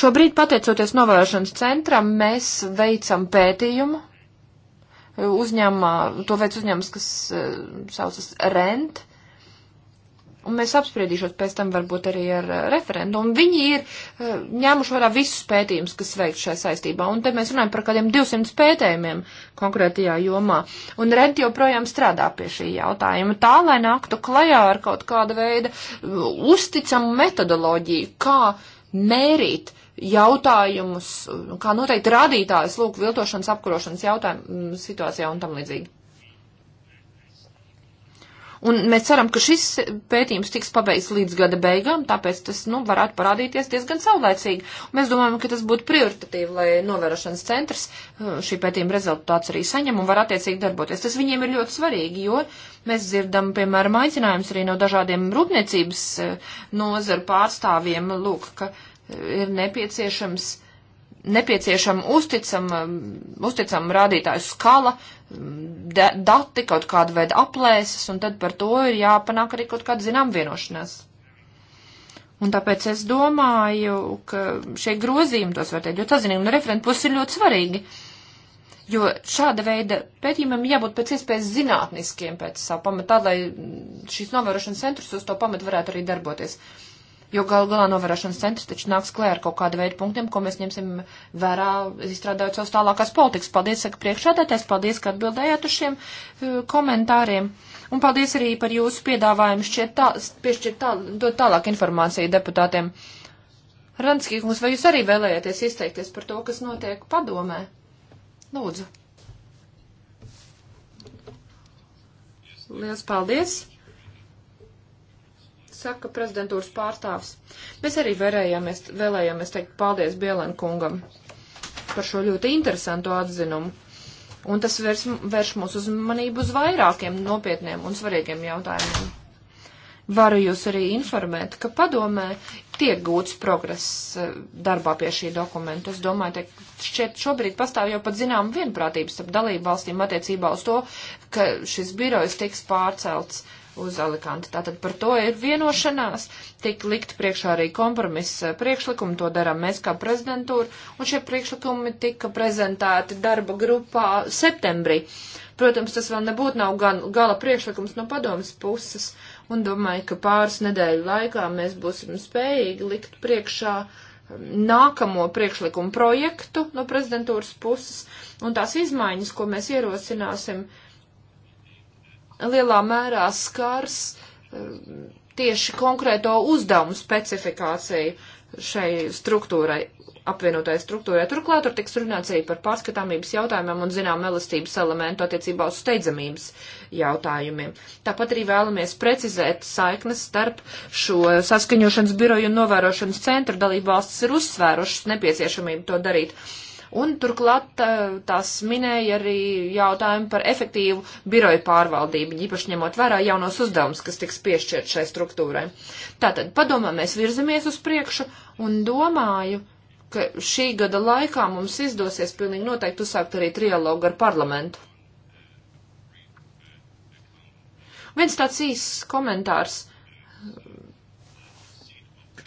B: Šobrīd, pateicoties novērošanas centram, mēs veicam pētījumu. Uzņēmumā, to veic uzņēmums, kas eh, saucas RENT. Uh, un mēs apspriedīšos pēc tam varbūt arī ar uh, referentu, un viņi ir uh, ņēmuši vērā visus pētījumus, kas veikts šajā saistībā, un te mēs runājam par kādiem 200 pētējumiem konkrētajā jomā, un renti joprojām strādā pie šī jautājuma, tā lai nāktu klajā ar kaut kāda veida uh, uzticamu metodoloģiju, kā mērīt jautājumus, kā noteikt rādītājus, lūk, viltošanas apkarošanas jautājumu mm, situācijā un tam līdzīgi. Un mēs ceram, ka šis pētījums tiks pabeigts līdz gada beigām, tāpēc tas, nu, varētu parādīties diezgan saulēcīgi. Mēs domājam, ka tas būtu prioritatīvi, lai novērošanas centrs uh, šī pētījuma rezultāts arī saņem un var attiecīgi darboties. Tas viņiem ir ļoti svarīgi, jo mēs dzirdam, piemēram, aicinājums arī no dažādiem rūpniecības uh, nozaru pārstāvjiem, lūk, ka uh, ir nepieciešams nepieciešama uzticama, uzticama rādītāju skala, da dati, kaut kāda veida aplēses, un tad par to ir jāpanāk arī kaut kāda zinām vienošanās. Un tāpēc es domāju, ka šie grozījumi tos var teikt, jo sazinīgi no referenta puses ir ļoti svarīgi. Jo šāda veida pētījumiem jābūt pēc iespējas zinātniskiem pēc savu pamatu, tā lai šīs novērošanas centrs uz to pamatu varētu arī darboties. Uh, Jo gal galā novērošanas centrs taču nāks klē ar kaut kādu veidu punktiem, ko mēs ņemsim vērā, izstrādājot savus tālākās politikas. Paldies, saka priekšādātais, paldies, ka atbildējāt uz šiem uh, komentāriem. Un paldies arī par jūsu piedāvājumu šķiet tā, piešķirt tā, dot tālāk informāciju deputātiem. Ranskīkums, vai jūs arī vēlējāties izteikties par to, kas notiek padomē? Lūdzu. Liels paldies! saka prezidentūras pārstāvs. Mēs arī vēlējāmies, vēlējāmies teikt paldies Bielen kungam par šo ļoti interesantu atzinumu. Un tas vērš, vērš mūsu uzmanību uz vairākiem nopietniem un svarīgiem jautājumiem. Varu jūs arī informēt, ka padomē tiek gūts progress eh, darbā pie šī dokumenta. Es domāju, ka šķiet šobrīd pastāv jau pat zinām vienprātības starp dalību valstīm attiecībā uz to, ka šis birojs tiks pārcelts uh, uz Alikanti. Tātad par to ir vienošanās, tiek likt priekšā arī kompromisa priekšlikumi, to darām mēs kā prezidentūra, un šie priekšlikumi tika prezentēti darba grupā septembrī. Protams, tas vēl nebūtu nav gan gala priekšlikums no padomas puses, un domāju, ka pāris nedēļu laikā mēs būsim spējīgi likt priekšā um, nākamo priekšlikumu projektu no prezidentūras puses, un tās izmaiņas, ko mēs ierosināsim, uh, lielā mērā skars um, tieši konkrēto uzdevumu specifikāciju šai struktūrai, apvienotai struktūrai. Turklāt tur tiks runāts arī par pārskatāmības jautājumiem un zinām elastības elementu attiecībā uz steidzamības jautājumiem. Tāpat arī vēlamies precizēt saiknes starp šo saskaņošanas biroju un novērošanas centru. Dalībvalstis ir uzsvērušas nepieciešamību to darīt. Uh, Un turklāt tās minēja arī jautājumu par efektīvu biroju pārvaldību, īpaši ņemot vērā jaunos uzdevumus, kas tiks piešķirt šai struktūrai. Tātad, padomā, mēs virzamies uz priekšu un domāju, ka šī gada laikā mums izdosies pilnīgi noteikti uzsākt arī trialogu ar parlamentu. Viens tāds īsts komentārs,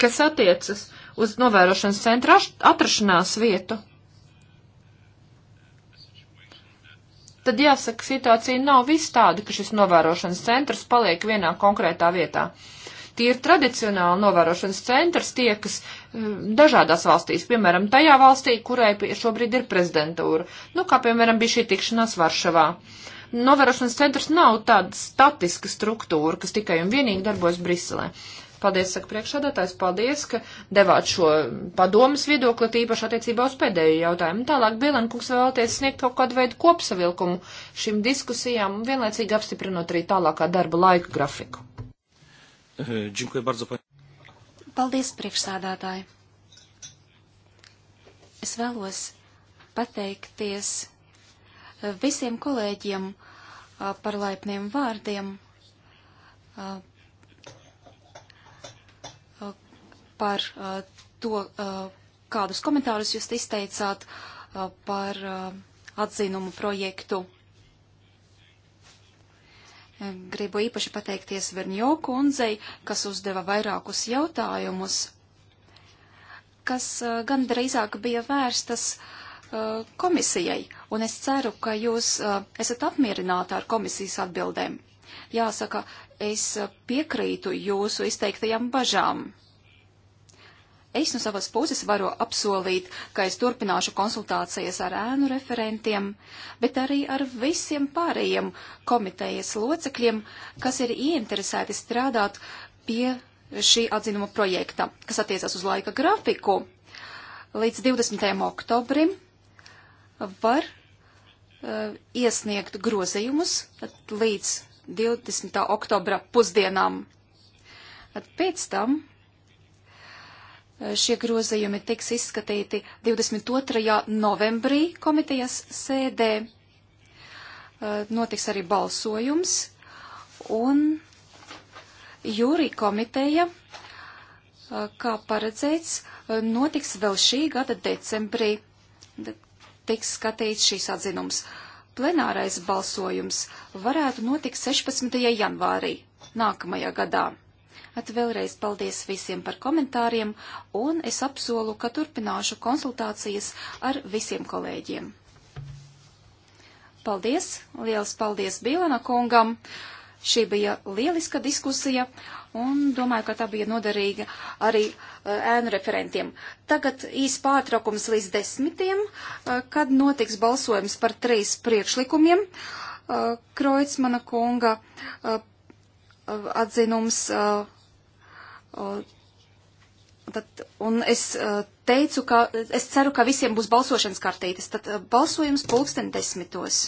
B: kas attiecas uz novērošanas centra atrašanās vietu. tad jāsaka, situācija nav viss tāda, ka šis novērošanas centrs paliek vienā konkrētā vietā. Tie ir tradicionāli novērošanas centrs, tie, kas eh, dažādās valstīs, piemēram, tajā valstī, kurai šobrīd ir prezidentūra, nu, kā, piemēram, bija šī tikšanās Varšavā. Novērošanas centrs nav tāda statiska struktūra, kas tikai un vienīgi darbojas Briselē. Paldies, saka priekšādātājs, paldies, ka devāt šo padomas viedokli tīpaši attiecībā uz pēdējo jautājumu. Tālāk, Bielankungs vēlaties sniegt kaut kādu veidu kopsavilkumu šīm diskusijām un vienlaicīgi apstiprinot arī tālākā darba laika grafiku.
C: Paldies, priekšsādātāji. Es vēlos pateikties eh, visiem kolēģiem eh, par laipniem vārdiem eh, par uh, to, uh, kādus komentārus jūs izteicāt uh, par uh, atzinumu projektu. Um, gribu īpaši pateikties Vernjo kundzei, kas uzdeva vairākus jautājumus, kas uh, gan drīzāk bija vērstas uh, komisijai, un es ceru, ka jūs uh, esat apmierināti ar komisijas atbildēm. Jāsaka, es uh, piekrītu jūsu izteiktajām bažām. Es no savas puses varu apsolīt, ka es turpināšu konsultācijas ar ēnu referentiem, bet arī ar visiem pārējiem komitejas locekļiem, kas ir ieinteresēti strādāt pie šī atzinuma projekta, kas attiecas uz laika grafiku. Līdz 20. oktobrim var uh, iesniegt grozījumus līdz 20. oktobra pusdienām. Pēc tam Šie grozījumi tiks izskatīti 22. novembrī komitejas sēdē. Eh, notiks arī balsojums, un jūrī komiteja, eh, kā paredzēts, eh, notiks vēl šī gada decembrī. Tiks skatīts šīs atzinums. Plenārais balsojums varētu notikt 16. janvārī nākamajā gadā. At vēlreiz paldies visiem par komentāriem, un es apsolu, ka turpināšu konsultācijas ar visiem kolēģiem. Paldies! Liels paldies Bīlana kungam! Šī bija lieliska diskusija, un domāju, ka tā bija noderīga arī eh, ēnu referentiem. Tagad īs pārtraukums līdz desmitiem, eh, kad notiks balsojums par trīs priekšlikumiem. Eh, Kroicmana kunga atzinums Tad, un es e, teicu, ka es ceru, ka visiem būs balsošanas kartītes. Tad e, balsojums pulksten desmitos.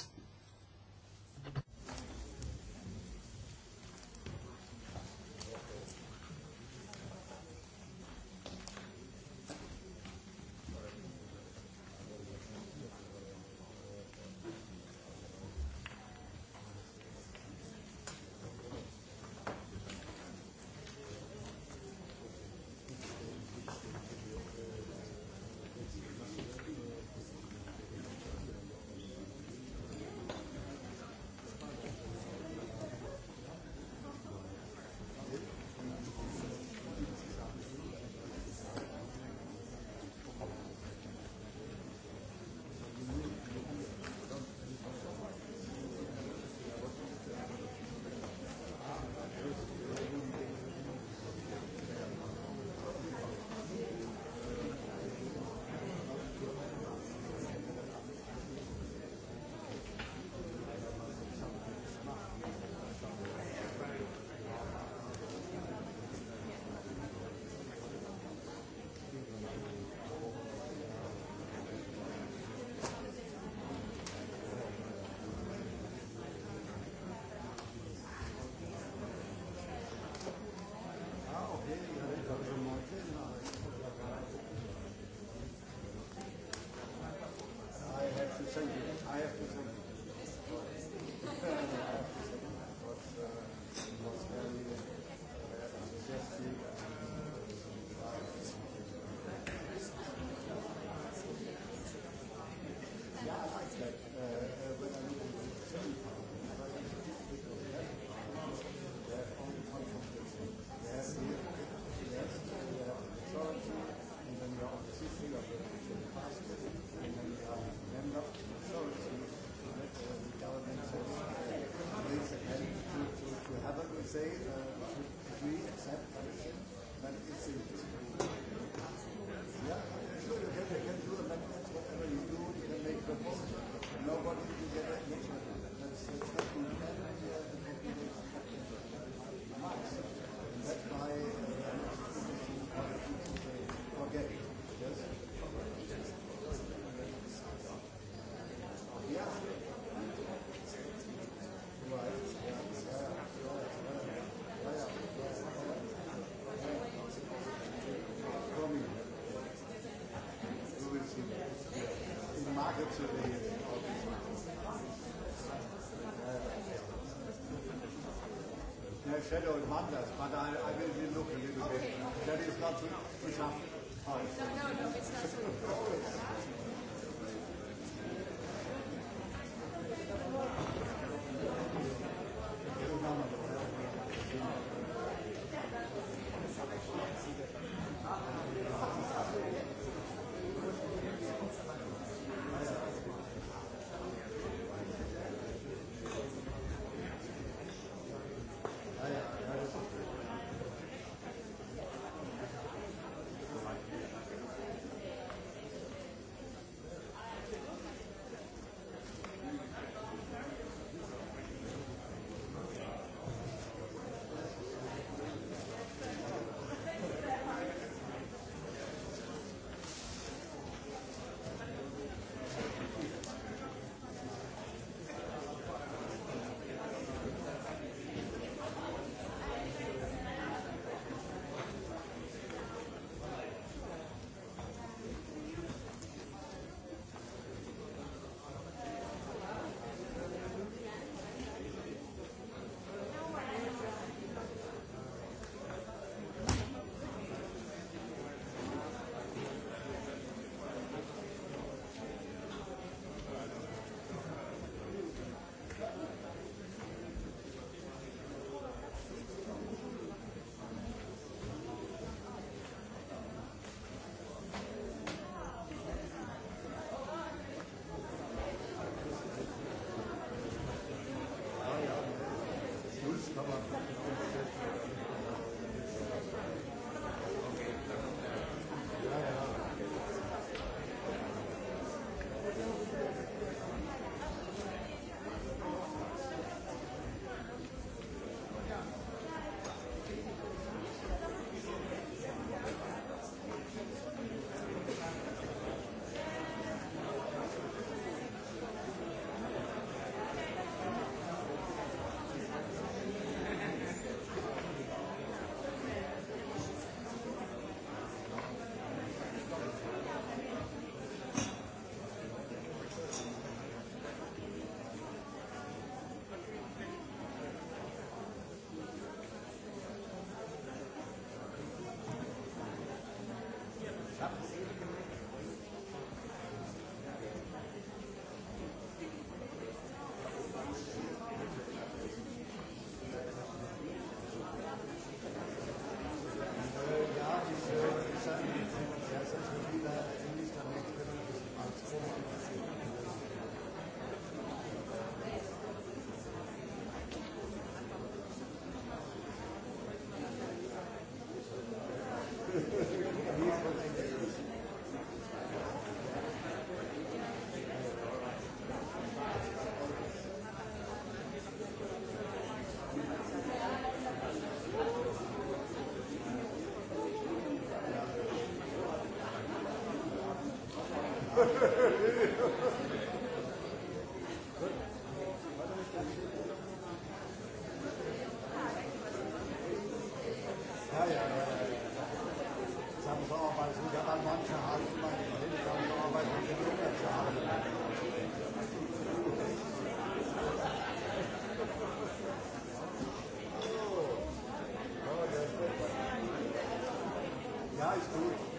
A: shadow is Manders, but I,
C: Ja, ist gut.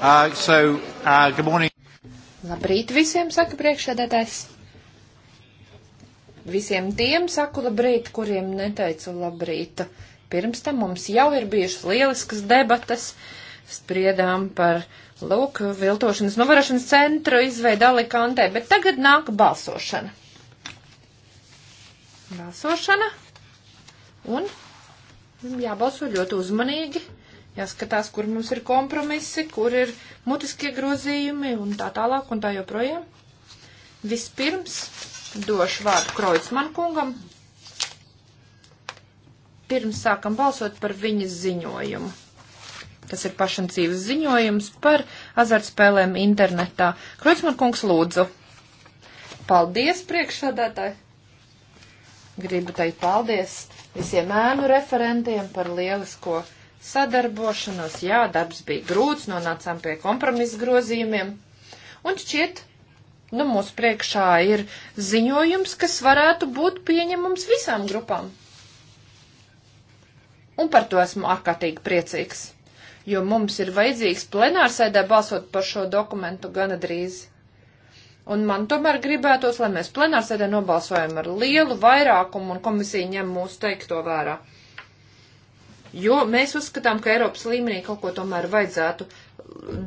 A: Uh, so, uh, good morning.
B: Labrīt visiem, saka priekšsēdētājs. Visiem tiem saku labrīt, kuriem neteicu labrīt. Pirms tam mums jau ir bijušas lieliskas debatas. Spriedām par, lūk, viltošanas novarašanas centru izveidu Alikantē, bet tagad nāk balsošana. Balsošana. Un jābalso ļoti uzmanīgi jāskatās, kur mums ir kompromisi, kur ir mutiskie grozījumi un tā tālāk un tā joprojām. Vispirms došu vārdu Kreutzmann kungam. Pirms sākam balsot par viņas ziņojumu. Tas ir pašancības ziņojums par azartspēlēm internetā. Kreutzmann kungs lūdzu. Paldies, priekšsādātāji! Gribu teikt paldies visiem ēnu referentiem par lielisko sadarbošanos. Jā, darbs bija grūts, nonācām pie kompromisa grozījumiem. Un šķiet, nu, mūsu priekšā ir ziņojums, kas varētu būt pieņemams visām grupām. Un par to esmu ārkārtīgi priecīgs, jo mums ir vajadzīgs plenārsēdē balsot par šo dokumentu gana drīz. Un man tomēr gribētos, lai mēs plenārsēdē nobalsojam ar lielu vairākumu un komisija ņem mūsu teikto vērā jo mēs uzskatām, ka Eiropas līmenī kaut ko tomēr vajadzētu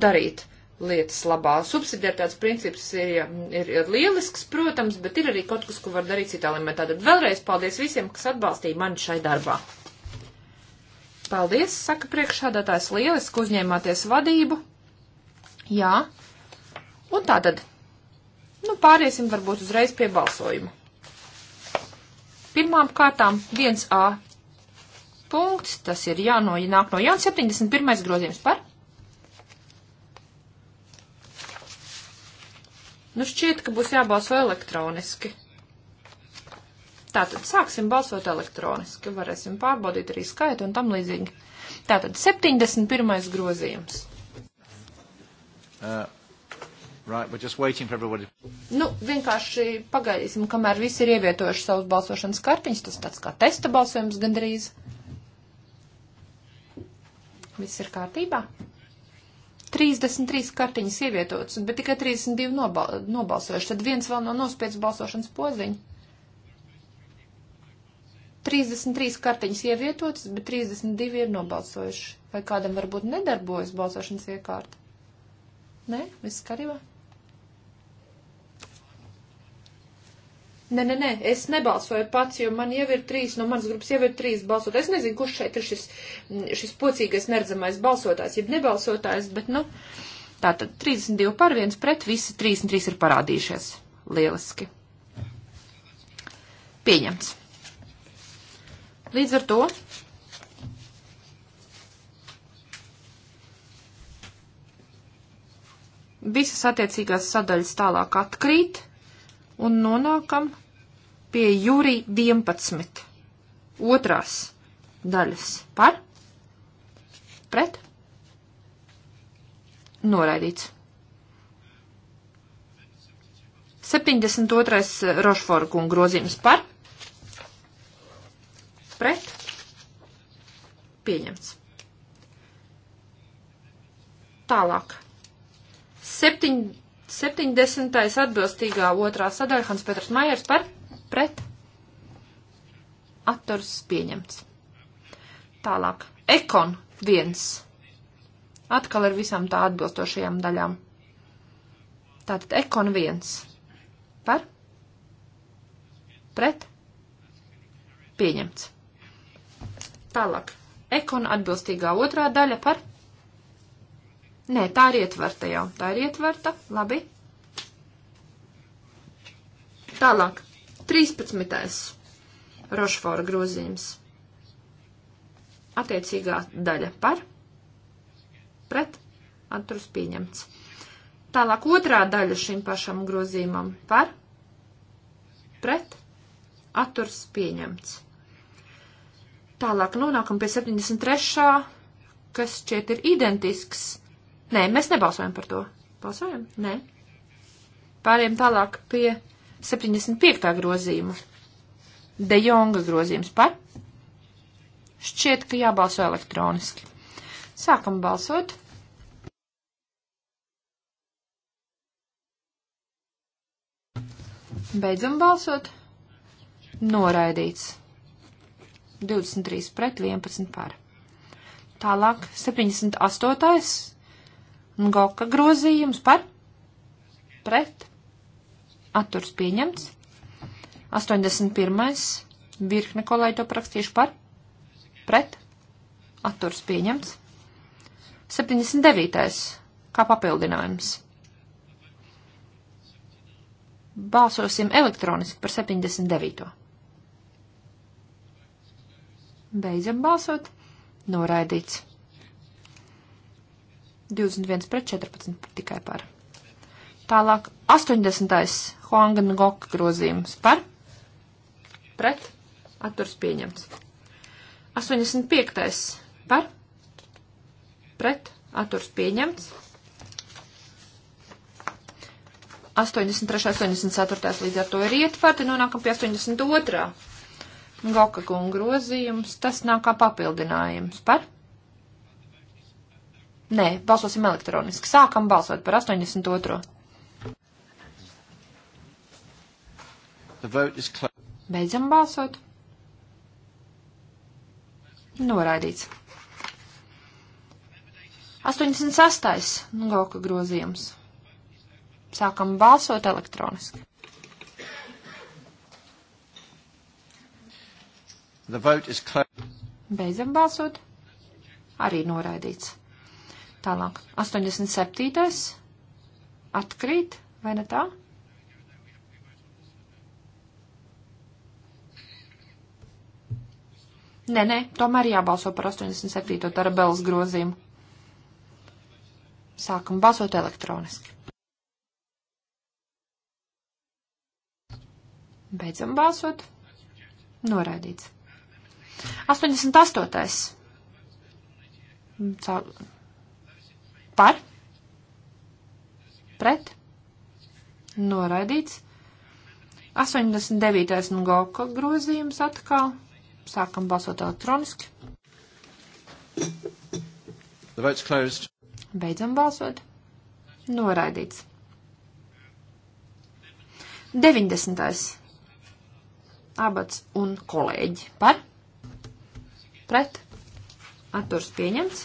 B: darīt lietas labā. Subsidiaritātes princips ir, ir, ir lielisks, protams, bet ir arī kaut kas, ko var darīt citā līmenī. Tātad vēlreiz paldies visiem, kas atbalstīja mani šai darbā. Paldies, saka priekšādātājs, lieliski uzņēmāties vadību. Jā. Un tātad, nu pāriesim varbūt uzreiz pie balsojuma. Pirmām kārtām 1A punkts, tas ir jānoienāk no jauna 71. grozījums par. Nu šķiet, ka būs jābalso elektroniski. Tātad sāksim balsot elektroniski, varēsim pārbaudīt arī skaitu un tam līdzīgi. Tātad 71. grozījums.
A: Uh, right, we're just waiting for everybody.
B: Nu, vienkārši pagaidīsim, kamēr visi ir ievietojuši savus balsošanas kartiņus, tas tāds kā testa balsojums gandrīz. Uh, Viss ir kārtībā. 33 kartiņas ievietotas, bet tikai 32 nobal nobalsojuši. Tad viens vēl nav no nospiedis balsošanas poziņu. 33 kartiņas ievietotas, bet 32 ir nobalsojuši. Vai kādam varbūt nedarbojas balsošanas iekārta? Nē, viss kārībā. Nē, nē, nē, es nebalsoju pats, jo man jau ir trīs, no manas grupas jau ir trīs balsot. Es nezinu, kurš šeit ir šis, šis pocīgais neredzamais balsotājs, jeb nebalsotājs, bet, nu, tātad 32 par 1 pret, visi 33 ir parādījušies. Lieliski. Pieņemts. Līdz ar to. Visas attiecīgās sadaļas tālāk atkrīt un nonākam pie jūrī 11. Otrās daļas par, pret, noraidīts. 72. Rošforu kungu grozījums par, pret, pieņemts. Tālāk. 7, 70. atbilstīgā otrā sadaļa Hans Petrs Majers par pret atturs pieņemts. Tālāk. Ekon viens. Atkal ar visām tā atbilstošajām daļām. Tātad ekon viens. Par? Pret? Pieņemts. Tālāk. Ekon atbilstīgā otrā daļa par? Nē, tā ir ietverta jau. Tā ir ietverta. Labi. Tālāk. 13. Rošfora grozījums. Attiecīgā daļa par, pret, atturas pieņemts. Tālāk otrā daļa šim pašam grozījumam par, pret, atturas pieņemts. Tālāk nonākam pie 73. kas šķiet ir identisks. Nē, mēs nebalsojam par to. Balsojam? Nē. Pāriem tālāk pie 75. grozījuma. De Jonga grozījums par. Šķiet, ka jābalso elektroniski. Sākam balsot. Beidzam balsot. Noraidīts. 23 pret 11 par. Tālāk 78. Goka grozījums par pret atturs pieņemts. 81. virkne kolēģi to prakstīšu par, pret, atturs pieņemts. 79. kā papildinājums. Balsosim elektroniski par 79. Beidzam balsot. Noraidīts. 21 pret 14 tikai par. Tālāk 80. Huangana Goka grozījums par pret atturs pieņemts. 85. par pret atturs pieņemts. 83. 84. līdz ar to ir ietverti, nonākam pie 82. Goka kunga grozījums, tas nāk kā papildinājums par. Nē, balsosim elektroniski. Sākam balsot par 82.
A: Beidzam
B: balsot. Noraidīts. 86. Ngoka grozījums. Sākam balsot elektroniski.
A: Beidzam
B: balsot. Arī noraidīts. Tālāk. 87. Atkrīt, vai ne tā? Nē, nē, tomēr jābalso par 87. tarabelas grozījumu. Sākam balsot elektroniski. Beidzam balsot. Noraidīts. 88. Caur... Par? Pret? Noraidīts. 89. Ngoka grozījums atkal. Sākam balsot elektroniski.
A: The vote's closed.
B: Beidzam balsot. Noraidīts. 90. Abats un kolēģi par pret atturs pieņemts.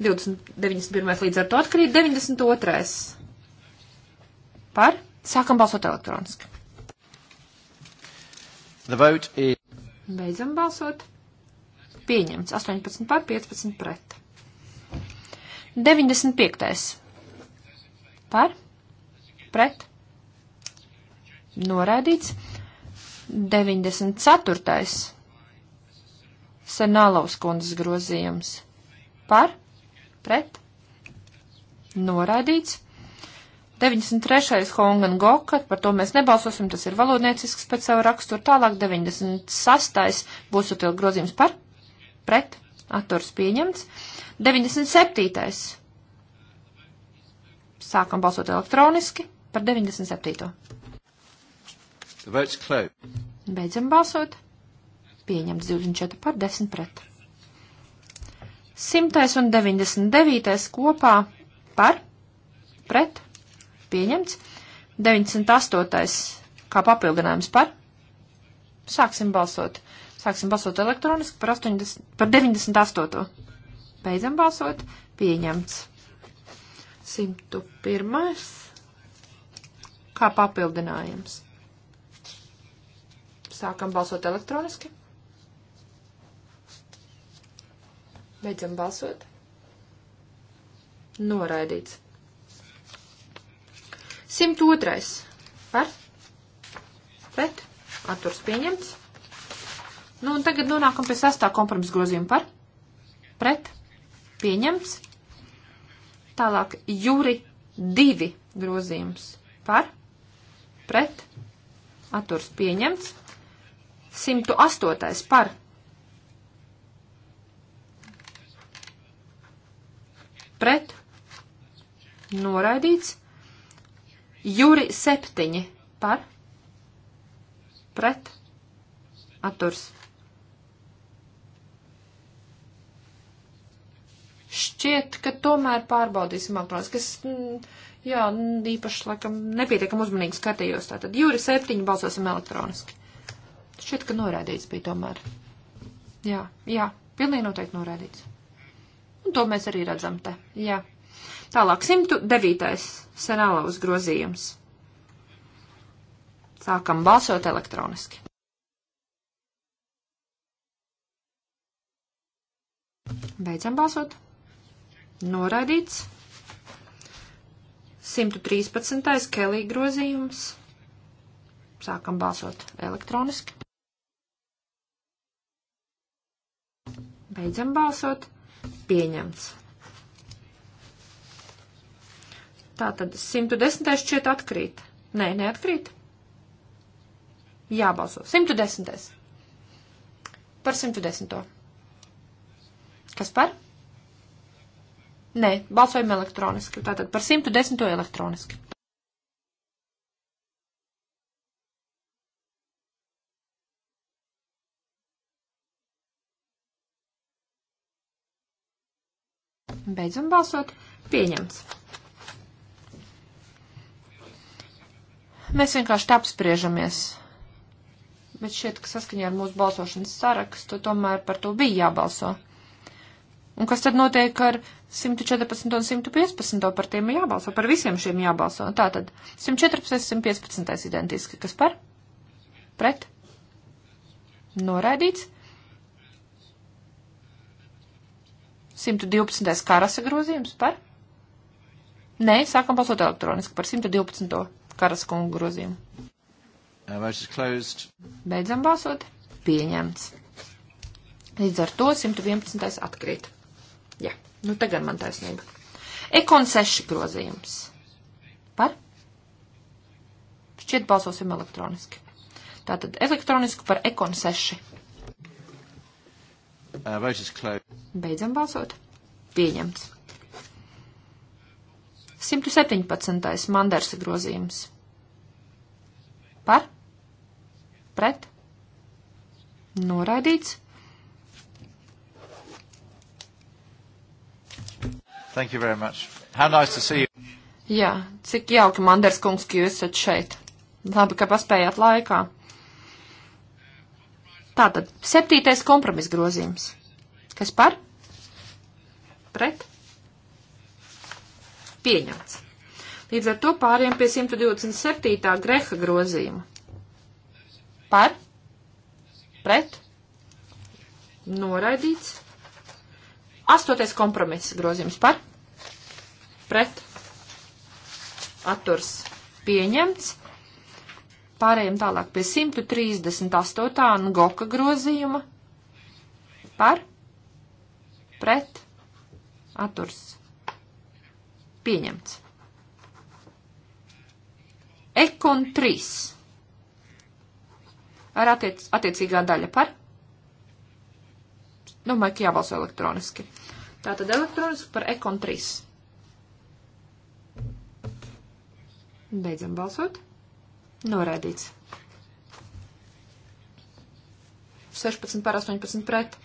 B: 20, 91. līdz ar to atkarīt 92. par sākam balsot elektroniski.
A: The vote is...
B: Beidzam balsot. Pieņemts. 18 pār 15 pret. 95. Par. Pret. Noraidīts. 94. Senālaus kundzes grozījums. Par. Pret. Noraidīts. 93. Hongan Gokat, par to mēs nebalsosim, tas ir valodniecisks pēc savu raksturu. Tālāk 96. būs util grozījums par, pret, atturs pieņemts. 97. Sākam balsot elektroniski par 97. Beidzam balsot. Pieņemts 24 par 10 pret. 100. un 99. kopā par, pret, pieņemts. 98. kā papildinājums par. Sāksim balsot. Sāksim balsot elektroniski par, 80, par 98. Beidzam balsot. Pieņemts. 101. kā papildinājums. Sākam balsot elektroniski. Beidzam balsot. Noraidīts. 102. Par? Pret? Atturs pieņemts. Nu, un tagad nonākam pie sastā kompromisa grozījuma par? Pret? Pieņemts. Tālāk jūri divi grozījums par? Pret? Atturs pieņemts. 108. par? Pret? Noraidīts. Juri 7 par pret atturs. Šķiet, ka tomēr pārbaudīsim elektroniski. Es, mm, jā, mm, īpaši, laikam, nepietiekam uzmanīgi skatījos. Tātad jūri septiņi balsosim elektroniski. Šķiet, ka norādīts bija tomēr. Jā, jā, pilnīgi noteikti norādīts. Un to mēs arī redzam te. Jā. Tālāk 109. senālaus grozījums. Sākam balsot elektroniski. Beidzam balsot. Noraidīts. 113. Kelī grozījums. Sākam balsot elektroniski. Beidzam balsot. Pieņemts. Tā tad 110. šķiet atkrīt. Nē, neatkrīt. Jābalso. 110. Par 110. Kas par? Nē, balsojam elektroniski. Tātad par 110. elektroniski. Beidzam balsot. Pieņemts. Mēs vienkārši apspriežamies. Bet šķiet, ka saskaņā ar mūsu balsošanas sarakstu tomēr par to bija jābalso. Un kas tad notiek ar 114 un 115? Par tiem jābalso, par visiem šiem jābalso. Tātad 114, 115 identiski. Kas par? Pret? Noraidīts? 112. karasa grozījums par? Nē, sākam balsot elektroniski par 112. Karaskunga grozījumu. Uh, Beidzam balsot. Pieņemts. Līdz ar to 111. atkrīt. Jā, nu tagad man taisnība. Ekon 6 grozījums. Par? Šķiet balsosim elektroniski. Tātad elektroniski par Ekon 6.
A: Uh,
B: Beidzam balsot. Pieņemts. 117. Mandersa grozījums. Par? Pret? Noraidīts?
A: Thank you very much. How nice to see you.
B: Jā, cik jauki, Manders kungs, ka jūs esat šeit. Labi, ka paspējāt laikā. Tātad, septītais kompromis grozījums. Kas par? Pret? Pieņemts. Līdz ar to pāriem pie 127. greha grozījuma. Par? Pret? Noraidīts. Astoties kompromiss grozījums par? Pret? Atturs pieņemts. Pārējiem tālāk pie 138. Ngoka grozījuma par pret aturs Pieņemts. Ekon 3. Ar attiec, attiecīgā daļa par. Domāju, ka jābalso elektroniski. Tātad elektroniski par Ekon 3. Beidzam balsot. Noraidīts. 16 par 18 pret.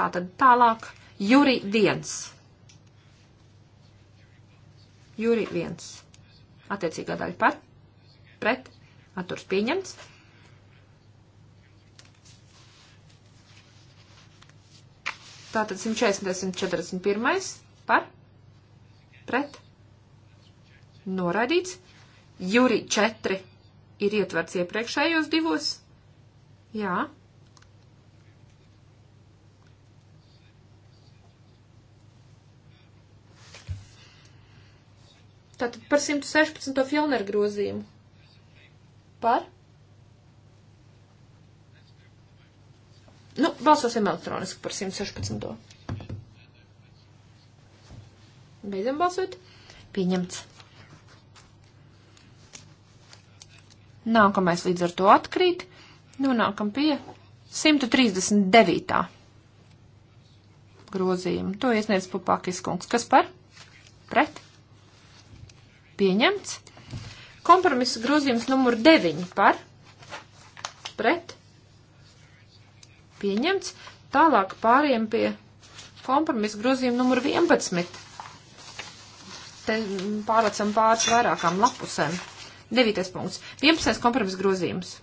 B: Tātad tālāk. Juri 1 Jūri 1. Attiecīgā daļa par, pret, atturs pieņemts. Tātad 140, 141 par, pret, noraidīts. Jūri 4 ir ietverts iepriekšējos divos. Jā. Tātad par 116. Fjellner grozījumu. Par? Nu, balsosim elektroniski par 116. Beidzam balsot. Pieņemts. Nākamais līdz ar to atkrīt. Nu, nākam pie 139. grozījuma. To iesniedz Pupakis kungs. Kas par? Pret? pieņemts. Kompromisa grozījums numur 9 par pret pieņemts. Tālāk pāriem pie kompromisa grozījuma numur 11. Te mm, pārlecam pāris vairākām lapusēm. 9. punkts. 11. kompromisa grozījums.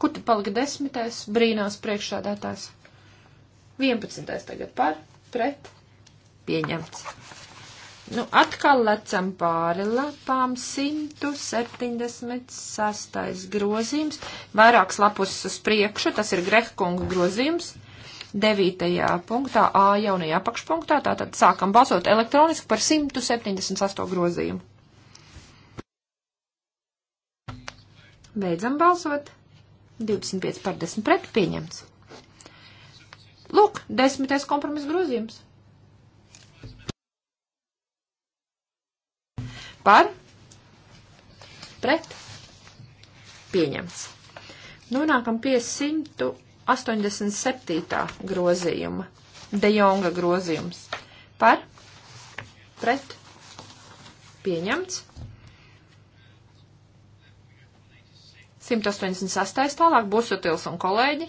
B: Kur tad palika 10. brīnās priekšādātājs? 11. tagad par pret pieņemts. Nu, atkal lecam pāri lapām 176. grozījums, vairāks lapus uz priekšu, tas ir Grehkunga grozījums. 9. punktā A jaunajā apakšpunktā, tātad sākam balsot elektroniski par 178 grozījumu. Beidzam balsot. 25 par 10 pret pieņemts. Lūk, desmitais kompromis grozījums. Par? Pret? Pieņemts. Nonākam pie 187. grozījuma. De Jonga grozījums. Par? Pret? Pieņemts. 188. tālāk būs utils un kolēģi.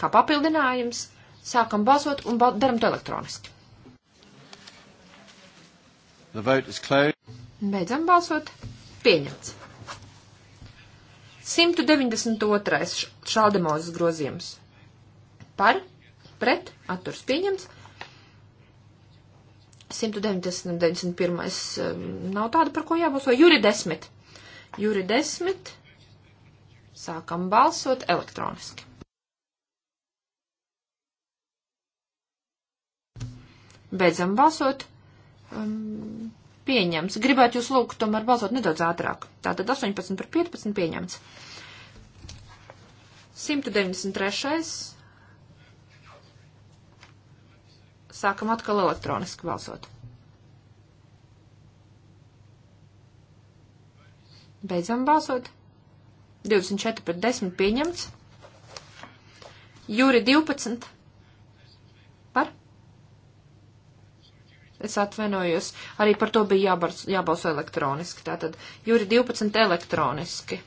B: Kā papildinājums, sākam balsot un bal daram to elektroniski. Beidzam balsot. Pieņemts. 192. šaldemozes grozījums. Par, pret, atturs pieņemts. 191. Um, nav tāda, par ko jābalso. Juri 10. Juri 10. Sākam balsot elektroniski. Beidzam balsot. Um, pieņemts. Gribētu jūs lūgt tomēr balsot nedaudz ātrāk. Tātad 18 par 15 pieņemts. 193. Sākam atkal elektroniski balsot. Beidzam balsot. 24 par 10 pieņemts. Jūri 12 es atvainojos, arī par to bija jābars, jābalso elektroniski. Tātad jūri 12 elektroniski.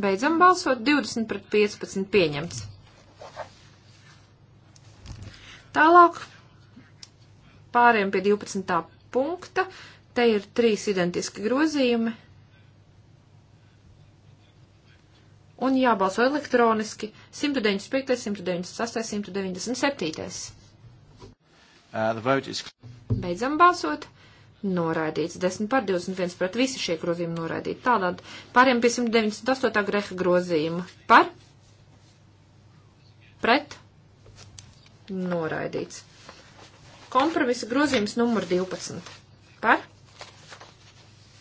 B: Beidzam balsot 20 pret 15 pieņemts. Tālāk pāriem pie 12. punkta. Te ir trīs identiski grozījumi. un jābalso elektroniski 195, 198, 197.
A: Uh, the vote is...
B: Beidzam balsot. Noraidīts 10 par 21 pret visi šie grozījumi noraidīti. Tālāk pāriem pie 198. greha grozījuma. Par? Pret? Noraidīts. Kompromisa grozījums numur 12. Par?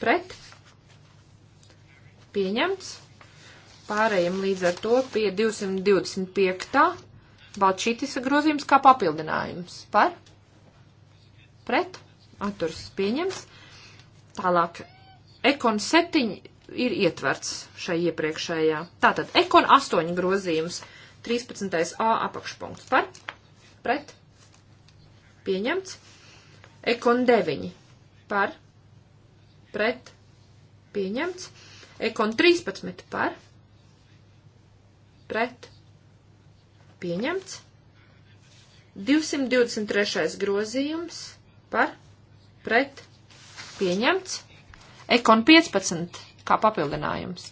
B: Pret? Pieņemts. Pārējiem līdz ar to pie 225. Balčītis grozījums kā papildinājums. Par? Pret? Atturs pieņems. Tālāk. Ekon 7 ir ietverts šai iepriekšējā. Tātad ekon 8 grozījums. 13a apakšpunkts. Par? Pret? Pieņemts. Ekon 9. Par? Pret? Pieņemts. Ekon 13 par? pret pieņemts. 223. grozījums par pret pieņemts. Ekon 15 kā papildinājums.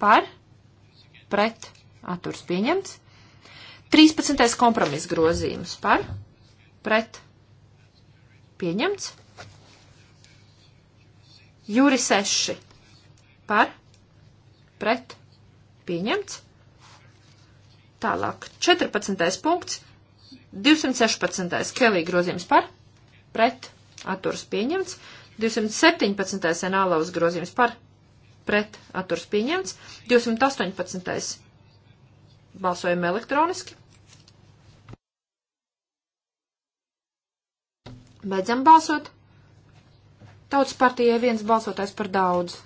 B: Par pret atturs pieņemts. 13. kompromis grozījums par pret pieņemts. Jūri 6 par pret pieņemts. Tālāk, 14. punkts, 216. Kelī grozījums par, pret, atturs pieņemts, 217. Enālaus grozījums par, pret, atturs pieņemts, 218. Balsojam elektroniski. Beidzam balsot. Tautas partijai viens balsotais par daudz.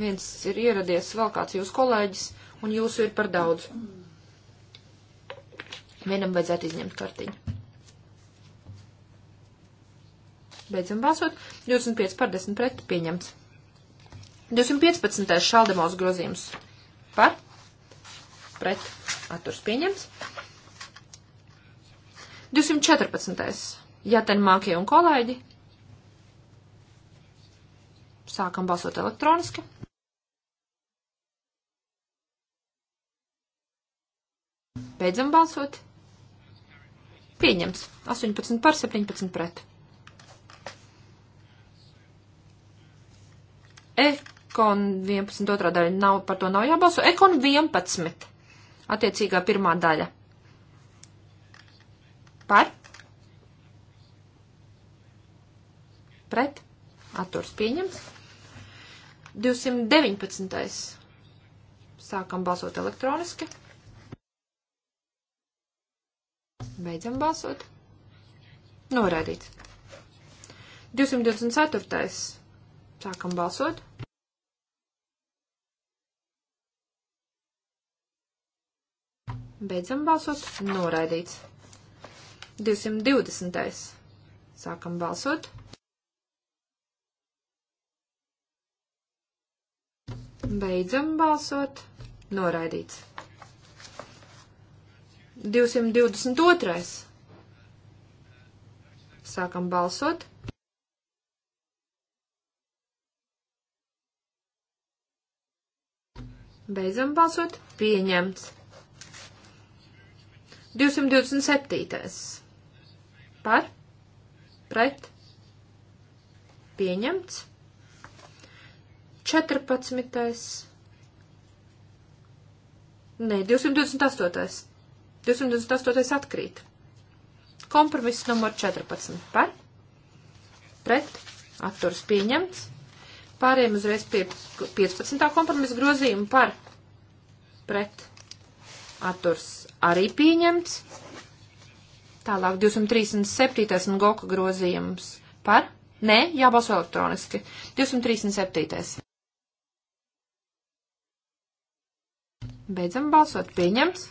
B: Viens ir ieradies vēl kāds jūsu kolēģis, un jūsu ir par daudz. Vienam vajadzētu izņemt kartiņu. Beidzam balsot. 25 par 10 pret pieņemts. 215. šaldemos grozījums par pret atturs pieņemts. 214. Jāten mākie un kolēģi Sākam balsot elektroniski. Beidzam balsot. Pieņems. 18 par 17 pret. Ekon 11. otrā daļa nav, par to nav jābalso. Ekon 11. Attiecīgā pirmā daļa. Par. Pret. Atturs pieņems. 219. Sākam balsot elektroniski. Beidzam balsot. Noraidīts. 224. Sākam balsot. Beidzam balsot. Noraidīts. 220. Sākam balsot. Beidzam balsot. Noraidīts. 222. Sākam balsot. Beidzam balsot. Pieņemts. 227. Par? Pret? Pieņemts. 14. Nē, 228. 228. atkrīt. Kompromiss numur 14. Par. Pret. Atturs pieņemts. Pārējiem uzreiz pie 15. kompromisa grozījuma par. Pret. Atturs arī pieņemts. Tālāk 237. un Goka grozījums par. Nē, jābalso elektroniski. 237. Beidzam balsot. Pieņemts.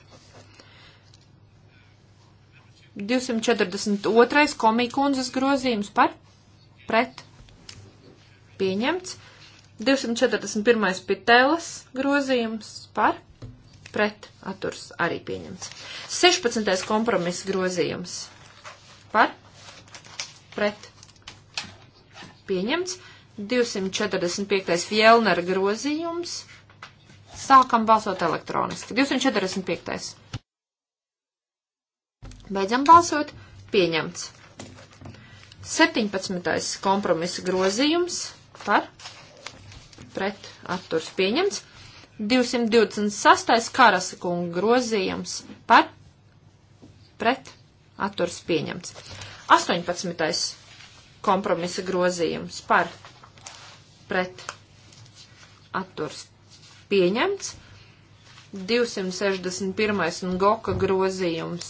B: 242. komikundzes grozījums par pret. Pieņemts. 241. pitēlas grozījums par pret. Aturs arī pieņemts. 16. kompromiss grozījums par pret. Pieņemts. 245. Fjellnera grozījums Sākam balsot elektroniski. 245. Beidzam balsot. Pieņemts. 17. kompromisa grozījums par pret atturs pieņemts. 226. karasa kunga grozījums par pret atturs pieņemts. 18. kompromisa grozījums par pret atturs pieņemts. 261. un Goka grozījums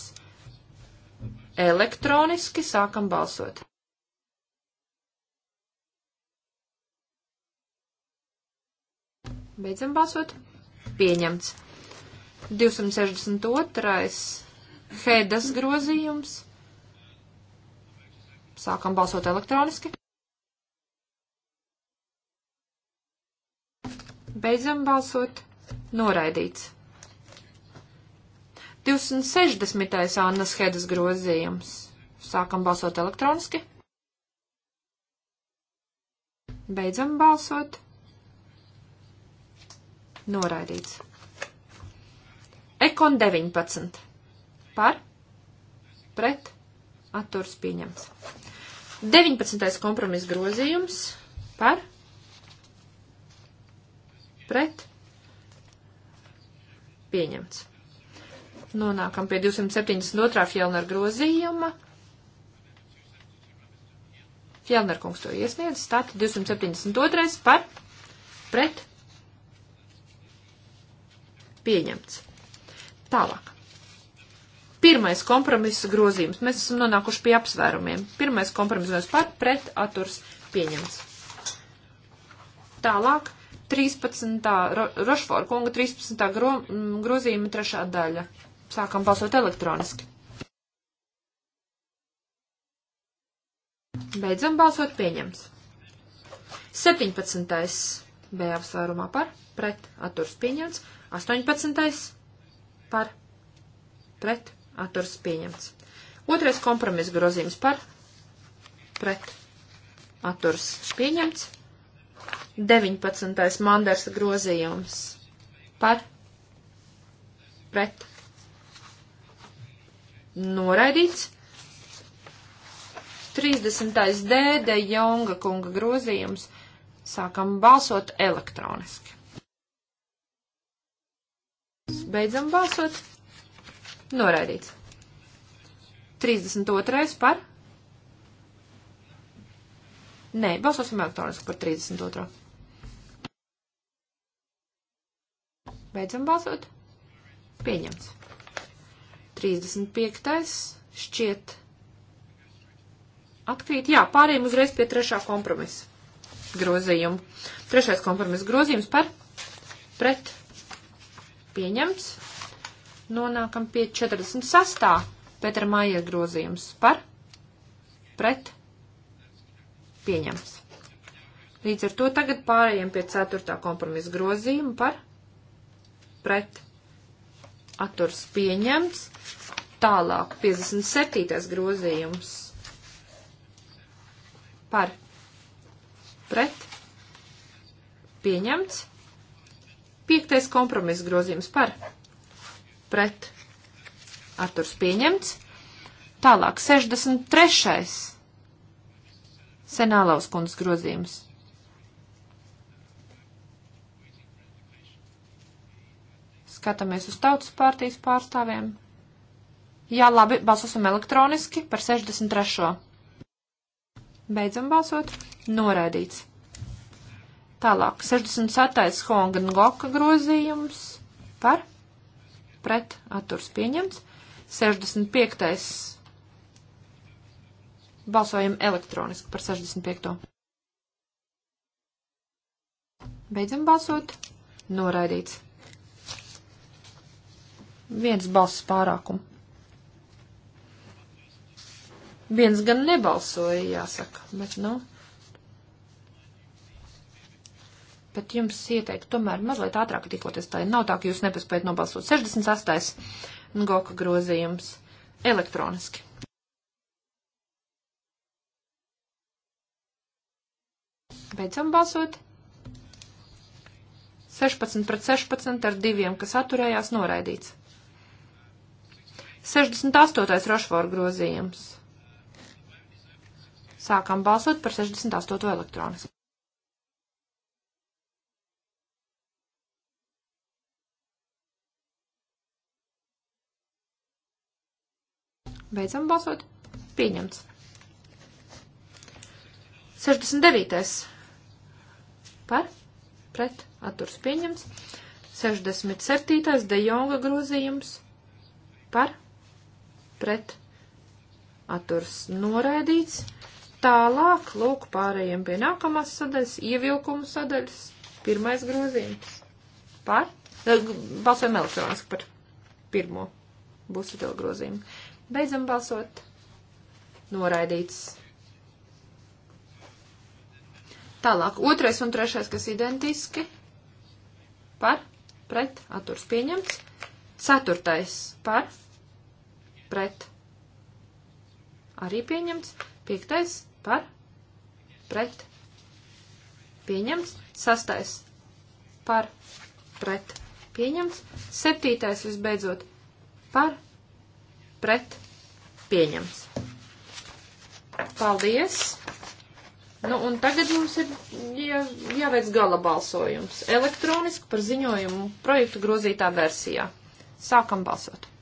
B: elektroniski sākam balsot. Beidzam balsot. Pieņemts. 262. Hedas grozījums. Sākam balsot elektroniski. Beidzam balsot. Noraidīts. 260. Annas Hedas grozījums. Sākam balsot elektroniski. Beidzam balsot. Noraidīts. Ekon 19. Par. Pret. Atturs pieņemts. 19. kompromis grozījums. Par pret pieņemts. Nonākam pie 272. Fjellner grozījuma. Fjellner kungs to iesniedz. Tātad 272. par pret pieņemts. Tālāk. Pirmais kompromisa grozījums. Mēs esam nonākuši pie apsvērumiem. Pirmais kompromisa grozījums par pret aturs pieņemts. Tālāk. 13. Ro, Rošfora kunga 13. Gro, grozījuma trešā daļa. Sākam balsot elektroniski. Beidzam balsot pieņems. 17. B apsvērumā par, pret, atturs pieņemts. 18. par, pret, atturs pieņemts. Otrais kompromiss grozījums par, pret, atturs pieņemts. 19. mandarsa grozījums par pret noraidīts. 30. dēde Jonga kunga grozījums. Sākam balsot elektroniski. Beidzam balsot. Noraidīts. 32. par. Nē, balsosim elektroniski par 32. Beidzam balsot. Pieņemts. 35. šķiet atkrīt. Jā, pārējiem uzreiz pie trešā kompromisa grozījuma. Trešais kompromisa grozījums par pret pieņemts. Nonākam pie 46. Petra Māja grozījums par pret pieņemts. Līdz ar to tagad pārējiem pie 4. kompromisa grozījuma par pret pret atturs pieņemts. Tālāk 57. grozījums par pret pieņemts. Piektais kompromiss grozījums par pret atturs pieņemts. Tālāk 63. senālaus kundas grozījums Skatāmies uz tautas partijas pārstāvjiem. Jā, labi, balsosim elektroniski par 63. Beidzam balsot. Noraidīts. Tālāk, 67. Honga Ngoka grozījums par pret atturs pieņemts. 65. Balsojam elektroniski par 65. Beidzam balsot. Noraidīts. Viens balss pārākumu. Viens gan nebalsoja, jāsaka, bet nu. Bet jums ieteikt tomēr mazliet ātrāk rīkoties, tā nav tā, ka jūs nepaspējat nobalsot 68. Goka grozījums elektroniski. Beidzam balsot. 16 pret 16 ar diviem, kas atturējās, noraidīts. 68. Rošvora grozījums. Sākam balsot par 68. elektronisku. Beidzam balsot. Pieņemts. 69. Par, pret, atturs pieņemts. 67. De Jonga grozījums. Par, pret atturs noraidīts. Tālāk, lūk, pārējiem pie nākamās sadaļas, ievilkumu sadaļas, pirmais grozījums. Par? Eh, balsojam elektroniski par pirmo būs vēl grozījumu. Beidzam balsot. Noraidīts. Tālāk, otrais un trešais, kas identiski. Par, pret, atturs pieņemts. Ceturtais, par, pret. Arī pieņemts. Piektais par pret. Pieņemts. Sastais par pret. Pieņemts. Septītais visbeidzot par pret. Pieņemts. Paldies! Nu, un tagad mums ir jā, jāveic gala balsojums elektroniski par ziņojumu projektu grozītā versijā. Sākam balsot!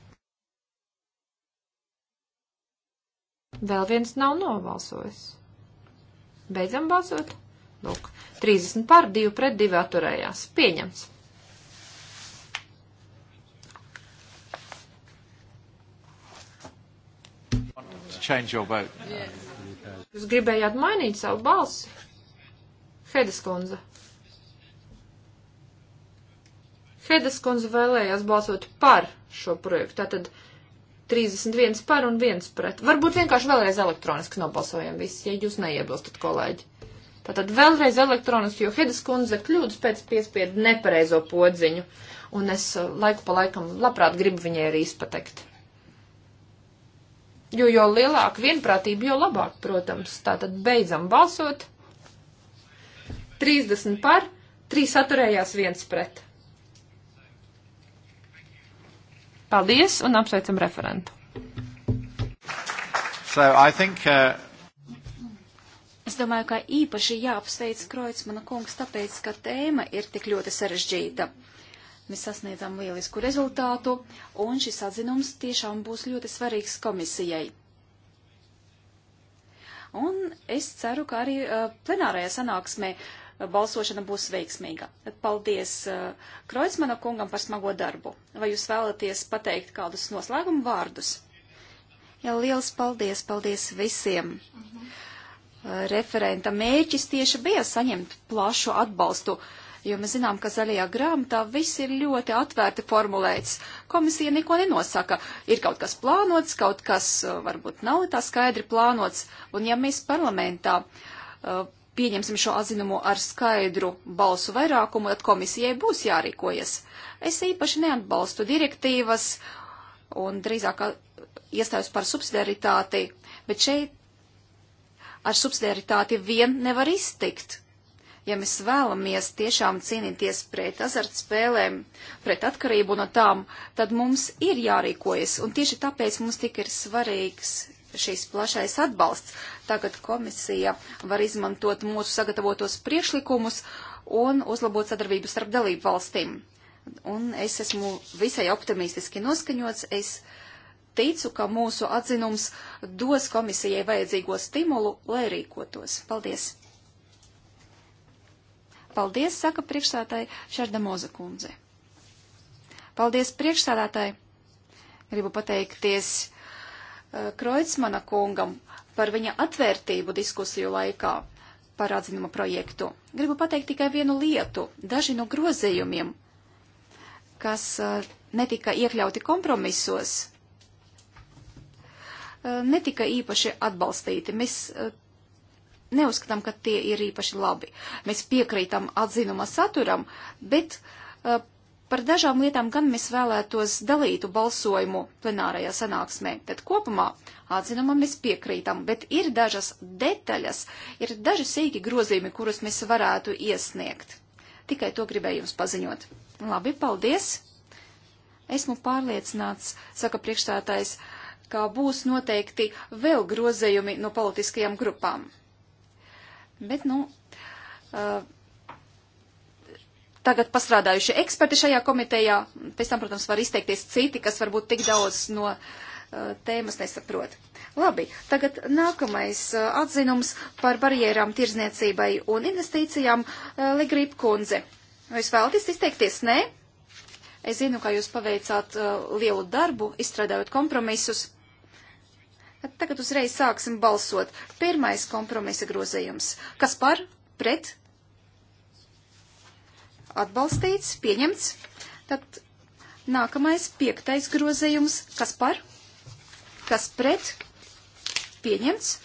B: Vēl viens nav novalsojis. Beidzam balsot. Lūk, 30 pār 2 pret 2 atturējās. Pieņems. Jūs gribējāt mainīt savu balsi? Hedes kundze. Hedes kundze vēlējās balsot par šo projektu. Tātad 31 par un 1 pret. Varbūt vienkārši vēlreiz elektroniski nobalsojam visi, ja jūs neiebilstat, kolēģi. Tātad vēlreiz elektroniski, jo Hedas kundze kļūdas pēc piespiedu nepareizo podziņu, un es uh, laiku pa laikam labprāt gribu viņai arī izpateikt. Jo, jo lielāka vienprātība, jo labāk, protams. Tātad beidzam balsot. 30 par, 3 atturējās, 1 pret. Paldies un apsveicam referentu.
A: So think, uh...
C: Es domāju, ka īpaši jāapsveic Kroicmana kungs, tāpēc, ka tēma ir tik ļoti sarežģīta. Mēs sasniedzām lielisku rezultātu, un šis atzinums tiešām būs ļoti svarīgs komisijai. Un es ceru, ka arī uh, plenārajā sanāksmē uh, balsošana būs veiksmīga. Paldies uh, Kreutzmana kungam par smago darbu. Vai jūs vēlaties pateikt kādus noslēgumu vārdus? Jā, liels paldies, paldies visiem. Uh, referenta mērķis tieši bija saņemt plašu atbalstu, jo mēs zinām, ka zaļajā grāmatā viss ir ļoti atvērti formulēts. Komisija neko nenosaka. Ir kaut kas plānots, kaut kas uh, varbūt nav tā skaidri plānots, un ja mēs parlamentā uh, pieņemsim šo atzinumu ar skaidru balsu vairākumu, tad komisijai būs jārīkojas. Es īpaši neatbalstu direktīvas un drīzāk iestājos par subsidiaritāti, bet šeit ar subsidiaritāti vien nevar iztikt. Ja mēs vēlamies tiešām cīnīties pret azartspēlēm, pret atkarību no tām, tad mums ir jārīkojas, un tieši tāpēc mums tik ir svarīgs šīs plašais atbalsts. Tagad komisija var izmantot mūsu sagatavotos priekšlikumus un uzlabot sadarbību starp dalību valstīm. Un es esmu visai optimistiski noskaņots. Es ticu, ka mūsu atzinums dos komisijai vajadzīgo stimulu, lai rīkotos. Paldies! Paldies, saka priekšstādātāji Šarda Moza kundze. Paldies priekšstādātāji! Gribu pateikties Eh, Kreutzmana kungam par viņa atvērtību diskusiju laikā par atzinumu projektu. Gribu pateikt tikai vienu lietu. Daži no grozījumiem, kas eh, netika iekļauti kompromisos, eh, netika īpaši atbalstīti. Mēs neuzskatām, ka tie ir īpaši labi. Mēs piekrītam atzinuma saturam, bet Par dažām lietām gan mēs vēlētos dalītu balsojumu plenārajā sanāksmē, tad kopumā atzinumam mēs piekrītam, bet ir dažas detaļas, ir daži sīki grozījumi, kurus mēs varētu iesniegt. Tikai to gribēju jums paziņot. Labi, paldies! Esmu pārliecināts, saka priekšstātais, ka būs noteikti vēl grozējumi no politiskajām grupām. Bet, nu, uh, tagad pastrādājuši eksperti šajā komitejā. Pēc tam, protams, var izteikties citi, kas varbūt tik daudz no uh, tēmas nesaprot. Labi, tagad nākamais uh, atzinums par barjerām tirzniecībai un investīcijām uh, Legrīb kundze. Vai jūs vēlaties izteikties? Nē? Es zinu, ka jūs paveicāt uh, lielu darbu, izstrādājot kompromisus. Tagad uzreiz sāksim balsot. Pirmais kompromisa grozījums. Kas par? Pret? atbalstīts, pieņemts. Tad nākamais piektais grozījums, kas par, kas pret, pieņemts.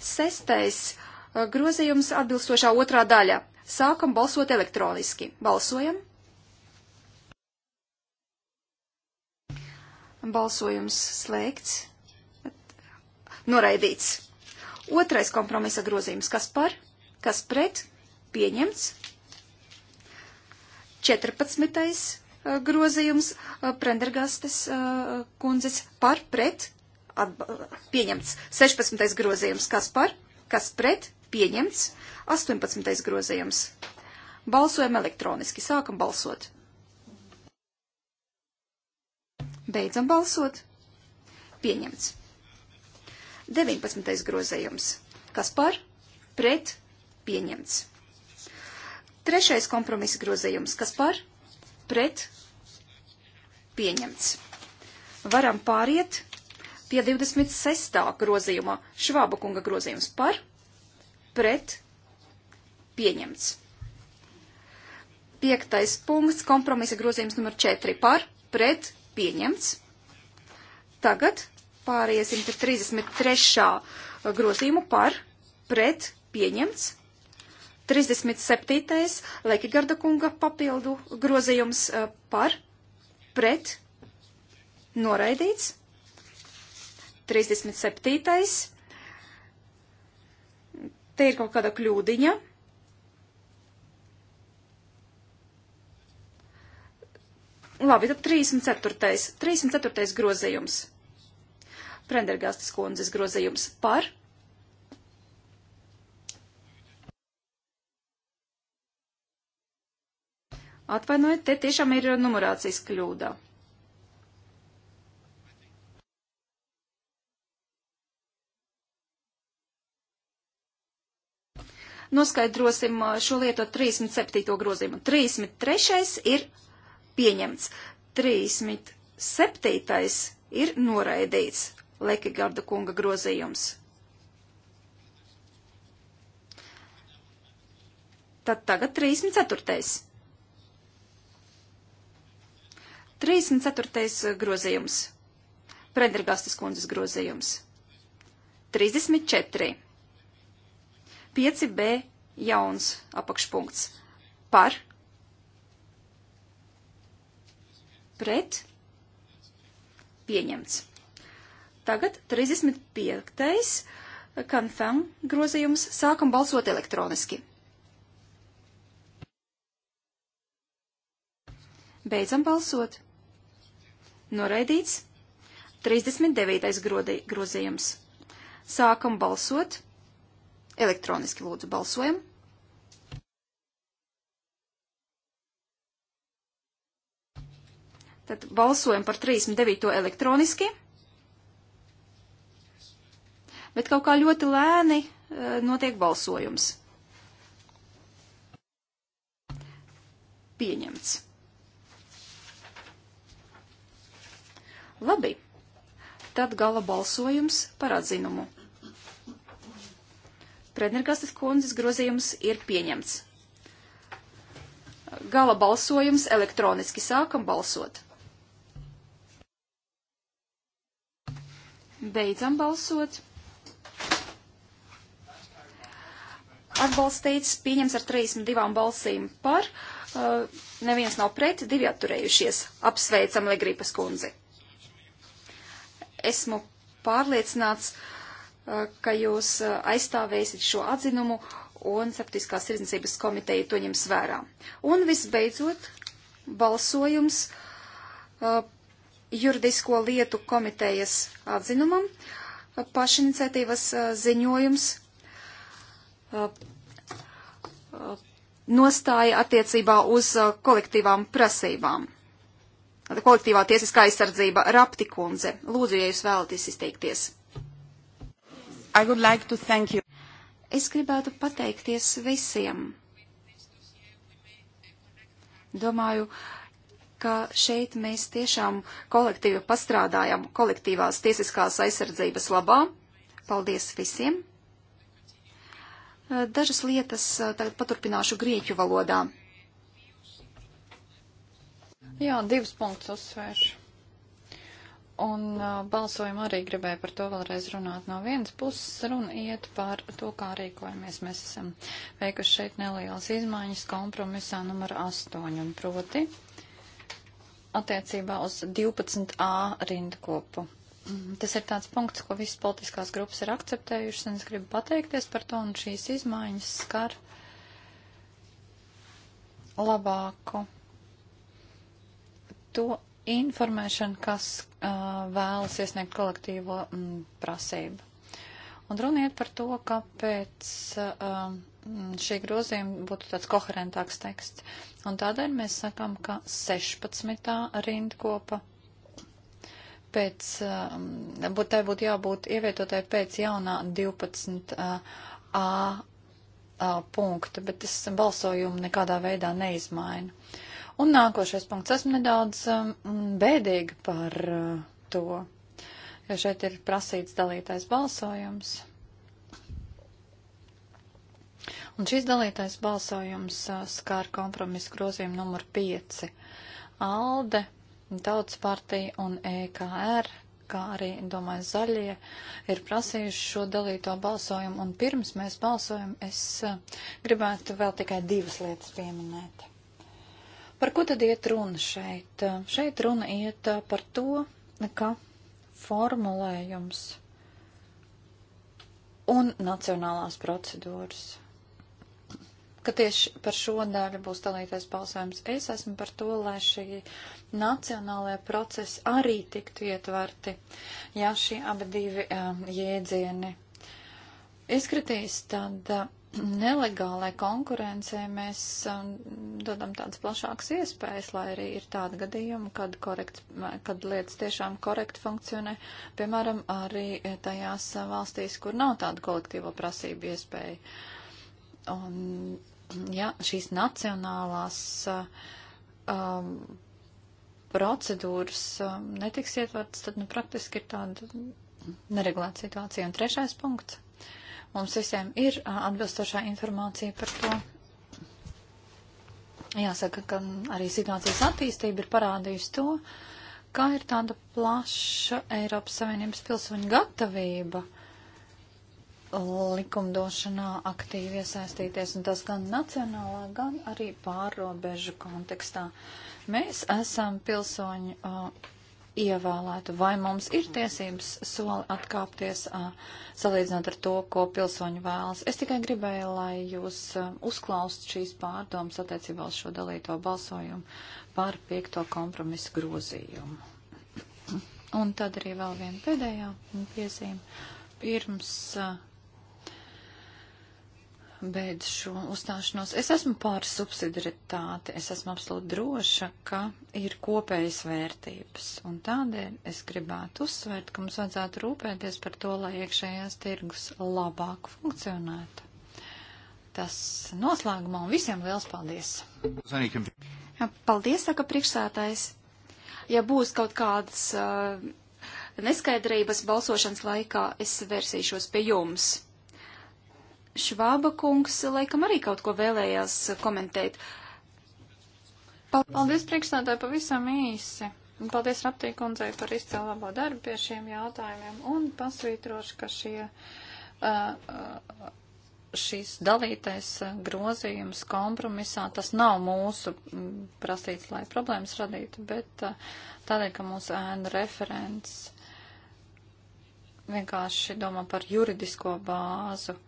C: Sestais uh, grozījums atbilstošā otrā daļa. Sākam balsot elektroniski. Balsojam. Balsojums slēgts. Noraidīts. Otrais kompromisa grozījums. Kas par? Kas pret? Pieņemts. 14. Eh, grozījums eh, Prendergastes eh, kundzes par pret pieņemts. 16. grozījums kas par, kas pret pieņemts. 18. grozījums. Balsojam elektroniski. Sākam balsot. Beidzam balsot. Pieņemts. 19. grozējums. Kas par? Pret. Pieņemts. Trešais kompromisa grozījums, kas par pret pieņemts. Varam pāriet pie 26. grozījumā. Švāba kunga grozījums par pret pieņemts. Piektais punkts, kompromisa grozījums numur 4 par pret pieņemts. Tagad pāriesim pie 33. grozījumu par pret pieņemts. 37. Lekigarda kunga papildu grozījums eh, par, pret, noraidīts. 37. Te ir kaut kāda kļūdiņa. 3. Labi, tad 34. 34. grozījums. Prendergastas kundzes grozījums par, Atvainojiet, te tiešām ir numerācijas kļūda. noskaidrosim uh, šo lietu ar 37. grozījumu. 33. ir pieņemts, 37. ir noraidīts Lekigarda kunga grozījums. Tad tagad 34. 34. Eh, grozījums. Prendergastas kundzes grozījums. 34. 5b jauns apakšpunkts. Par. Pret. Pieņemts. Tagad 35. Eh, Kanfam grozījums. Sākam balsot elektroniski. Beidzam balsot. Noraidīts. 39. Grodi, grozījums. Sākam balsot. Elektroniski lūdzu balsojam. Tad balsojam par 39. elektroniski. Bet kaut kā ļoti lēni eh, notiek balsojums. Pieņemts. Labi. Tad gala balsojums par atzinumu. Prednergastas kundzes grozījums ir pieņemts. Gala balsojums elektroniski sākam balsot. Beidzam balsot. Atbalstīts pieņems ar 32 balsīm par, uh, neviens nav pret, divi atturējušies. Apsveicam Legripas kundzi. Esmu pārliecināts, uh, ka jūs uh, aizstāvēsiet šo atzinumu un Starptautiskās tirdzniecības komiteja to ņems vērā. Un visbeidzot, balsojums uh, juridisko lietu komitejas atzinumam, uh, pašiniciatīvas uh, ziņojums uh, nostāja attiecībā uz kolektīvām prasībām kolektīvā tiesiskā aizsardzība Raptikundze. Lūdzu, ja jūs vēlaties izteikties.
A: Like
C: es gribētu pateikties visiem. Domāju, ka šeit mēs tiešām kolektīvi pastrādājam kolektīvās tiesiskās aizsardzības labā. Paldies visiem! Dažas lietas eh, tagad paturpināšu grieķu valodā.
A: Jā, divus punktus uzsvēršu. Un uh, balsojumu arī gribēju par to vēlreiz runāt. No vienas puses runa iet par to, kā rīkojamies. Mēs esam veikuši šeit nelielas izmaiņas kompromisā numur 8 un proti attiecībā uz 12a rindkopu. Mm, tas ir tāds punkts, ko visas politiskās grupas ir akceptējušas, un es gribu pateikties par to, un šīs izmaiņas skar labāku to informēšanu, kas uh, vēlas iesniegt kolektīvo m, prasību. Un runiet par to, kāpēc uh, šī grozījuma būtu tāds koherentāks teksts. Un tādēļ mēs sakām, ka 16. rindkopa pēc, uh, būt, tai būtu jābūt ievietotai pēc jaunā 12. a punkta, bet es balsojumu nekādā veidā neizmainu. Un nākošais punkts. Esmu nedaudz um, bēdīga par uh, to, jo šeit ir prasīts dalītais balsojums. Un šis dalītais balsojums uh, skār kompromisu grozījumu numur 5. ALDE, Tautas partija un EKR, kā arī, domāju, zaļie, ir prasījuši šo dalīto balsojumu. Un pirms mēs balsojam, es uh, gribētu vēl tikai divas lietas pieminēt. Par ko tad iet runa šeit? Šeit runa iet par to, ka formulējums un nacionālās procedūras. Ka tieši par šo daļu būs dalītais balsojums. Es esmu par to, lai šī nacionālajā procesa arī tiktu ietverti, ja šie abi divi um, jēdzieni izkritīs, tad uh, nelegālai konkurencei mēs um, dodam tādas plašākas iespējas, lai arī ir tāda gadījuma, kad, korekt, kad lietas tiešām korekti funkcionē, piemēram, arī tajās valstīs, kur nav tāda kolektīvo prasību iespēja. Un, ja šīs nacionālās um, procedūras um, netiks ietvertas, tad, nu, praktiski ir tāda neregulēta situācija. Un trešais punkts Mums visiem ir atbilstošā informācija par to. Jāsaka, ka arī situācijas attīstība ir parādījusi to, kā ir tāda plaša Eiropas Savienības pilsoņu gatavība likumdošanā aktīvi iesaistīties, un tas gan nacionālā, gan arī pārrobežu kontekstā. Mēs esam pilsoņu uh, ievēlētu, vai mums ir tiesības soli atkāpties a, salīdzinot ar to, ko pilsoņi vēlas. Es tikai gribēju, lai jūs a, uzklaust šīs pārdomas attiecībā uz šo dalīto balsojumu par piekto kompromisu grozījumu. Un tad arī vēl viena pēdējā piezīme. Pirms uh, beidz šo uzstāšanos. Es esmu pār subsidiaritāti, es esmu absolūti droša, ka ir kopējas vērtības. Un tādēļ es gribētu uzsvērt, ka mums vajadzētu rūpēties par to, lai iekšējās tirgus labāk funkcionētu. Tas noslēgumā un visiem liels paldies!
C: Paldies, saka priekšsētājs! Ja būs kaut kādas uh, neskaidrības balsošanas laikā, es vērsīšos pie jums.
A: Švāba kungs laikam arī kaut ko vēlējās komentēt. Paldies, priekšstādāji, pavisam īsi. Paldies Raptī kundzei par izcēlu labo darbu pie šiem jautājumiem un pasvītrošu, ka šie, uh, uh, šīs dalītais uh, grozījums kompromisā, tas nav mūsu mm, prasīts, lai problēmas radītu, bet tādēļ, ka mūsu ēna referents vienkārši domā par juridisko bāzu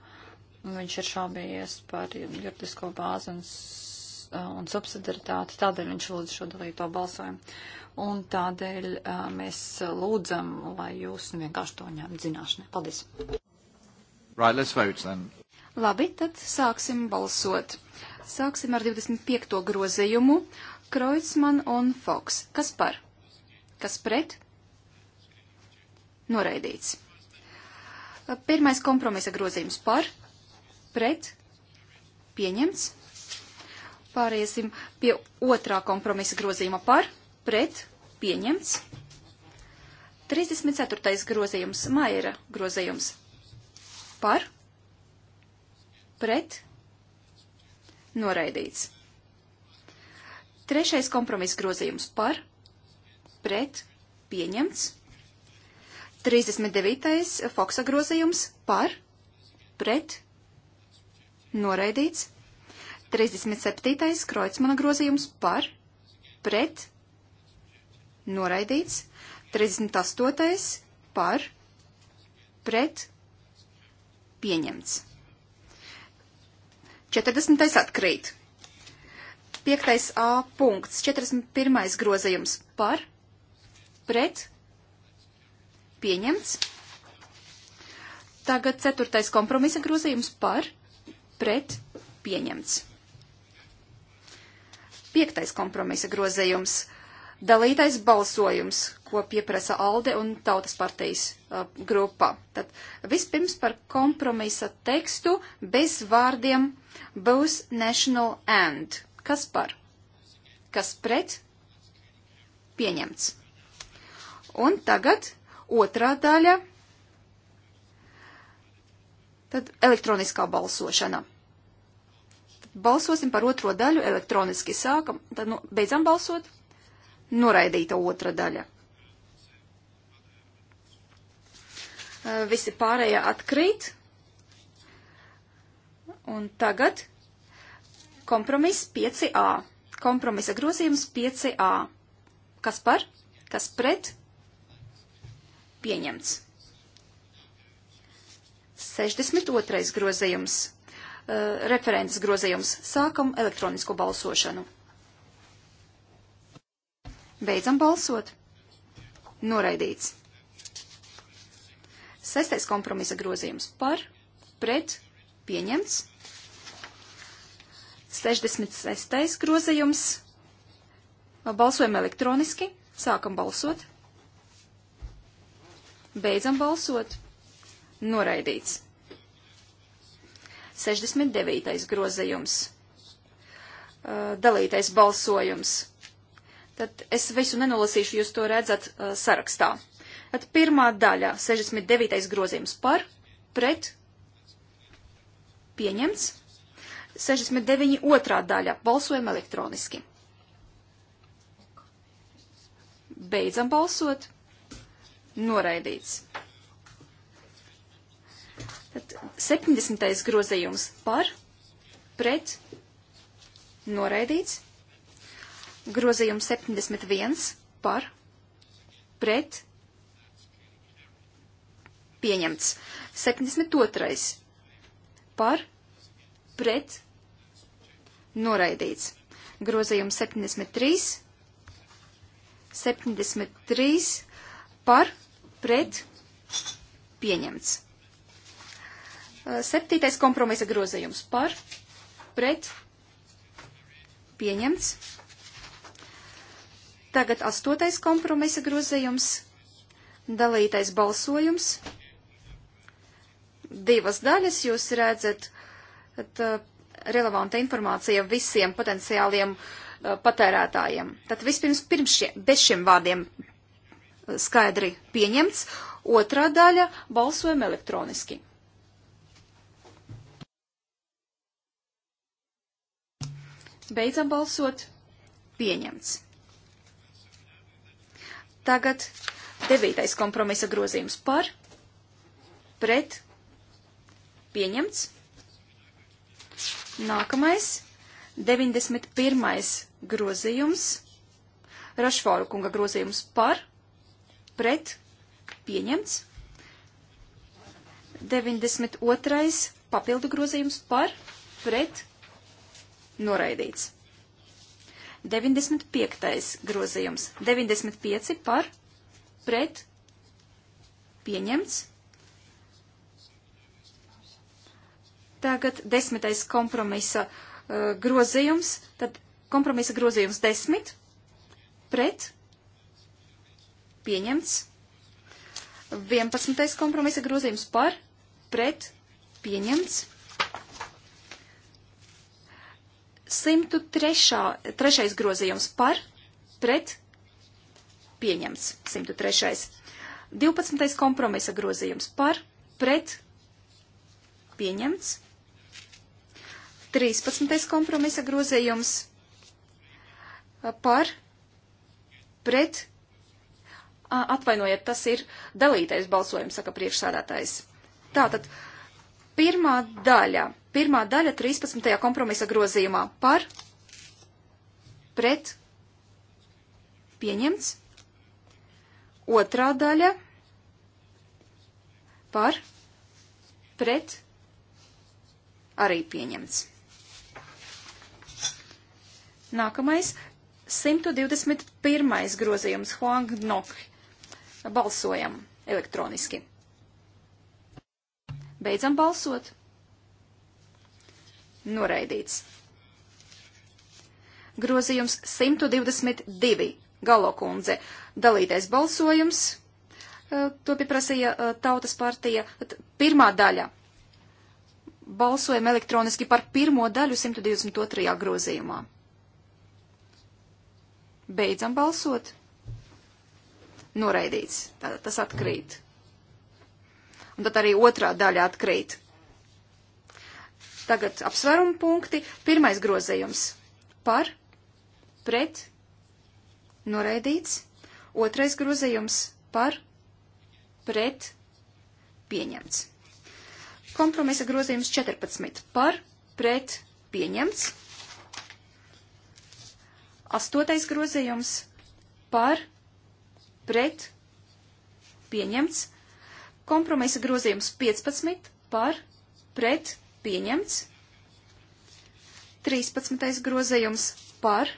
A: Viņš ir šaubījies par juridisko bāzi un, un subsidiaritāti, tādēļ viņš lūdz šo dalīto balsojumu. Un tādēļ mēs lūdzam, lai jūs vienkārši to ņemt zināšanai. Paldies! Right, let's vote then.
C: Labi, tad sāksim balsot. Sāksim ar 25. grozījumu. Kreutzmann un Fox. Kas par? Kas pret? Noraidīts. Pirmais kompromisa grozījums par, pret pieņemts. Pāriesim pie otrā kompromisa grozījuma par pret pieņemts. 34. grozījums Maira grozījums par pret noraidīts. Trešais kompromisa grozījums par pret pieņemts. 39. Foksa grozījums par pret pieņemts noraidīts. 37. Kreutzmana grozījums par, pret, noraidīts. 38. par, pret, pieņemts. 40. atkrīt. 5. A punkts, 41. grozījums par, pret, pieņemts. Tagad 4. kompromisa grozījums par, pret pret pieņemts. Piektais kompromisa grozējums - dalītais balsojums, ko pieprasa ALDE un Tautas partijas uh, grupa. Tad vispirms par kompromisa tekstu bez vārdiem būs national and. Kas par? Kas pret? Pieņemts. Un tagad otrā daļa. Tad elektroniskā balsošana. Balsosim par otro daļu, elektroniski sākam, tad nu, beidzam balsot. Noraidīta otra daļa. Visi pārējie atkrīt. Un tagad kompromiss 5A. Kompromisa grozījums 5A. Kas par? Kas pret? Pieņemts. 62. grozījums Uh, referents grozījums. Sākam elektronisko balsošanu. Beidzam balsot. Noraidīts. Sestais kompromisa grozījums par, pret, pieņemts. 66. grozījums. Balsojam elektroniski. Sākam balsot. Beidzam balsot. Noraidīts. 69. grozījums. Dalītais balsojums. Tad es visu nenolasīšu, jūs to redzat sarakstā. Tad pirmā daļa, 69. grozījums par, pret, pieņemts. 69. otrā daļa, balsojam elektroniski. Beidzam balsot. Noraidīts. Tad 70. grozījums par, pret, noraidīts. Grozījums 71 par, pret, pieņemts. 72. par, pret, noraidīts. Grozījums 73, 73 par, pret, pieņemts. Uh, septītais kompromisa grozījums par, pret, pieņemts. Tagad astotais kompromisa grozījums, dalītais balsojums. Divas daļas jūs redzat, tad uh, relevanta informācija visiem potenciāliem uh, patērētājiem. Tad vispirms pirms šie, bez šiem vārdiem uh, skaidri pieņemts, otrā daļa balsojam elektroniski. Beidzam balsot. Pieņemts. Tagad devītais kompromisa grozījums par, pret, pieņemts. Nākamais, 91. grozījums, Rašforu kunga grozījums par, pret, pieņemts. 92. papildu grozījums par, pret, noraidīts. 95. grozījums. 95 par pret pieņemts. Tagad desmitais kompromisa uh, grozījums, tad kompromisa grozījums desmit pret pieņemts. 11. kompromisa grozījums par pret pieņemts. 103. Trešais grozījums par, pret, pieņemts. 103. 12. kompromisa grozījums par, pret, pieņemts. 13. kompromisa grozījums par, pret, atvainojiet, tas ir dalītais balsojums, saka priekšsādātājs. Tātad, pirmā daļa Pirmā daļa 13. kompromisa grozījumā par pret pieņemts. Otrā daļa par pret arī pieņemts. Nākamais 121. grozījums Huang Nok. Balsojam elektroniski. Beidzam balsot. Noraidīts. Grozījums 122. Galo kundze. Dalītais balsojums. To pieprasīja Tautas partija. Pirmā daļa. Balsojam elektroniski par pirmo daļu 122. grozījumā. Beidzam balsot. Noraidīts. Tātad tas atkrīt. Un tad arī otrā daļa atkrīt. Tagad apsverumu punkti. Pirmais grozējums par, pret, noraidīts. Otrais grozējums par, pret, pieņemts. Kompromisa grozījums 14 par, pret, pieņemts. Astotais grozījums par, pret, pieņemts. Kompromisa grozījums 15 par, pret, pieņemts pieņemts. 13. grozējums par,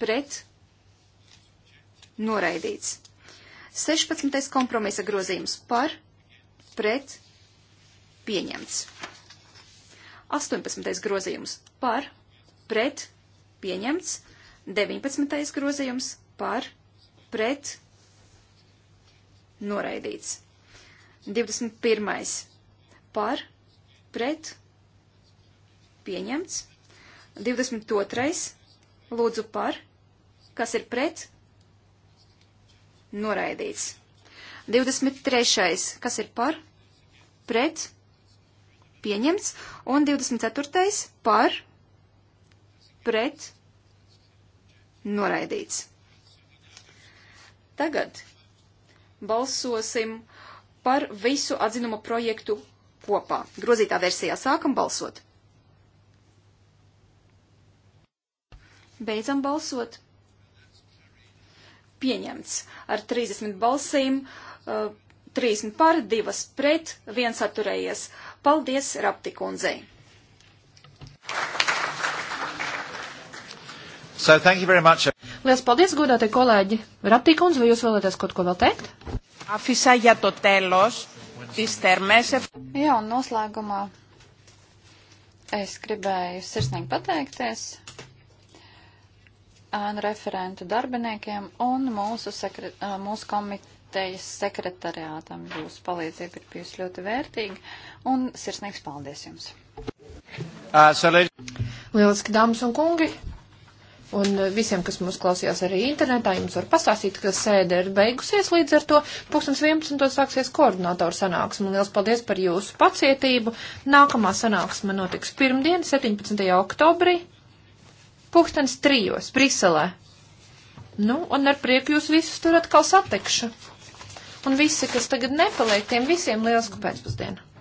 C: pret, noraidīts. 16. kompromisa grozījums par, pret, pieņemts. 18. grozījums par, pret, pieņemts. 19. grozījums par, pret, noraidīts. 21. par, pret pieņemts. 22. lūdzu par, kas ir pret noraidīts. 23. kas ir par, pret pieņemts. Un 24. par, pret noraidīts. Tagad balsosim par visu atzinumu projektu kopā. Grozītā versijā sākam balsot. Beidzam balsot. Pieņemts ar 30 balsīm, 30 uh, par, 2 pret, 1 atturējies. Paldies Raptikundzei!
A: So, thank you very much.
B: Lielas paldies, godātie kolēģi. Raptīkums, vai jūs vēlaties kaut ko vēl teikt?
A: Afisa ja to telos. Jā, un noslēgumā es gribēju sirsnīgi pateikties ēnu referentu darbiniekiem un mūsu, sekre, mūsu komitejas sekretariātam. Jūsu palīdzība ir bijusi ļoti vērtīga un sirsnīgs paldies jums. Uh,
B: Lieliski, dāmas un kungi! Un e, visiem, kas mūs klausījās arī internetā, jums var pastāstīt, ka sēde ir beigusies līdz ar to. 2011. sāksies koordinātoru sanāksme. Liels paldies par jūsu pacietību. Nākamā sanāksme notiks pirmdien, 17. oktobrī, pulkstens trijos, Briselē. Nu, un ar prieku jūs visus tur atkal satikšu. Un visi, kas tagad nepaliek, tiem visiem liels pēcpusdienu.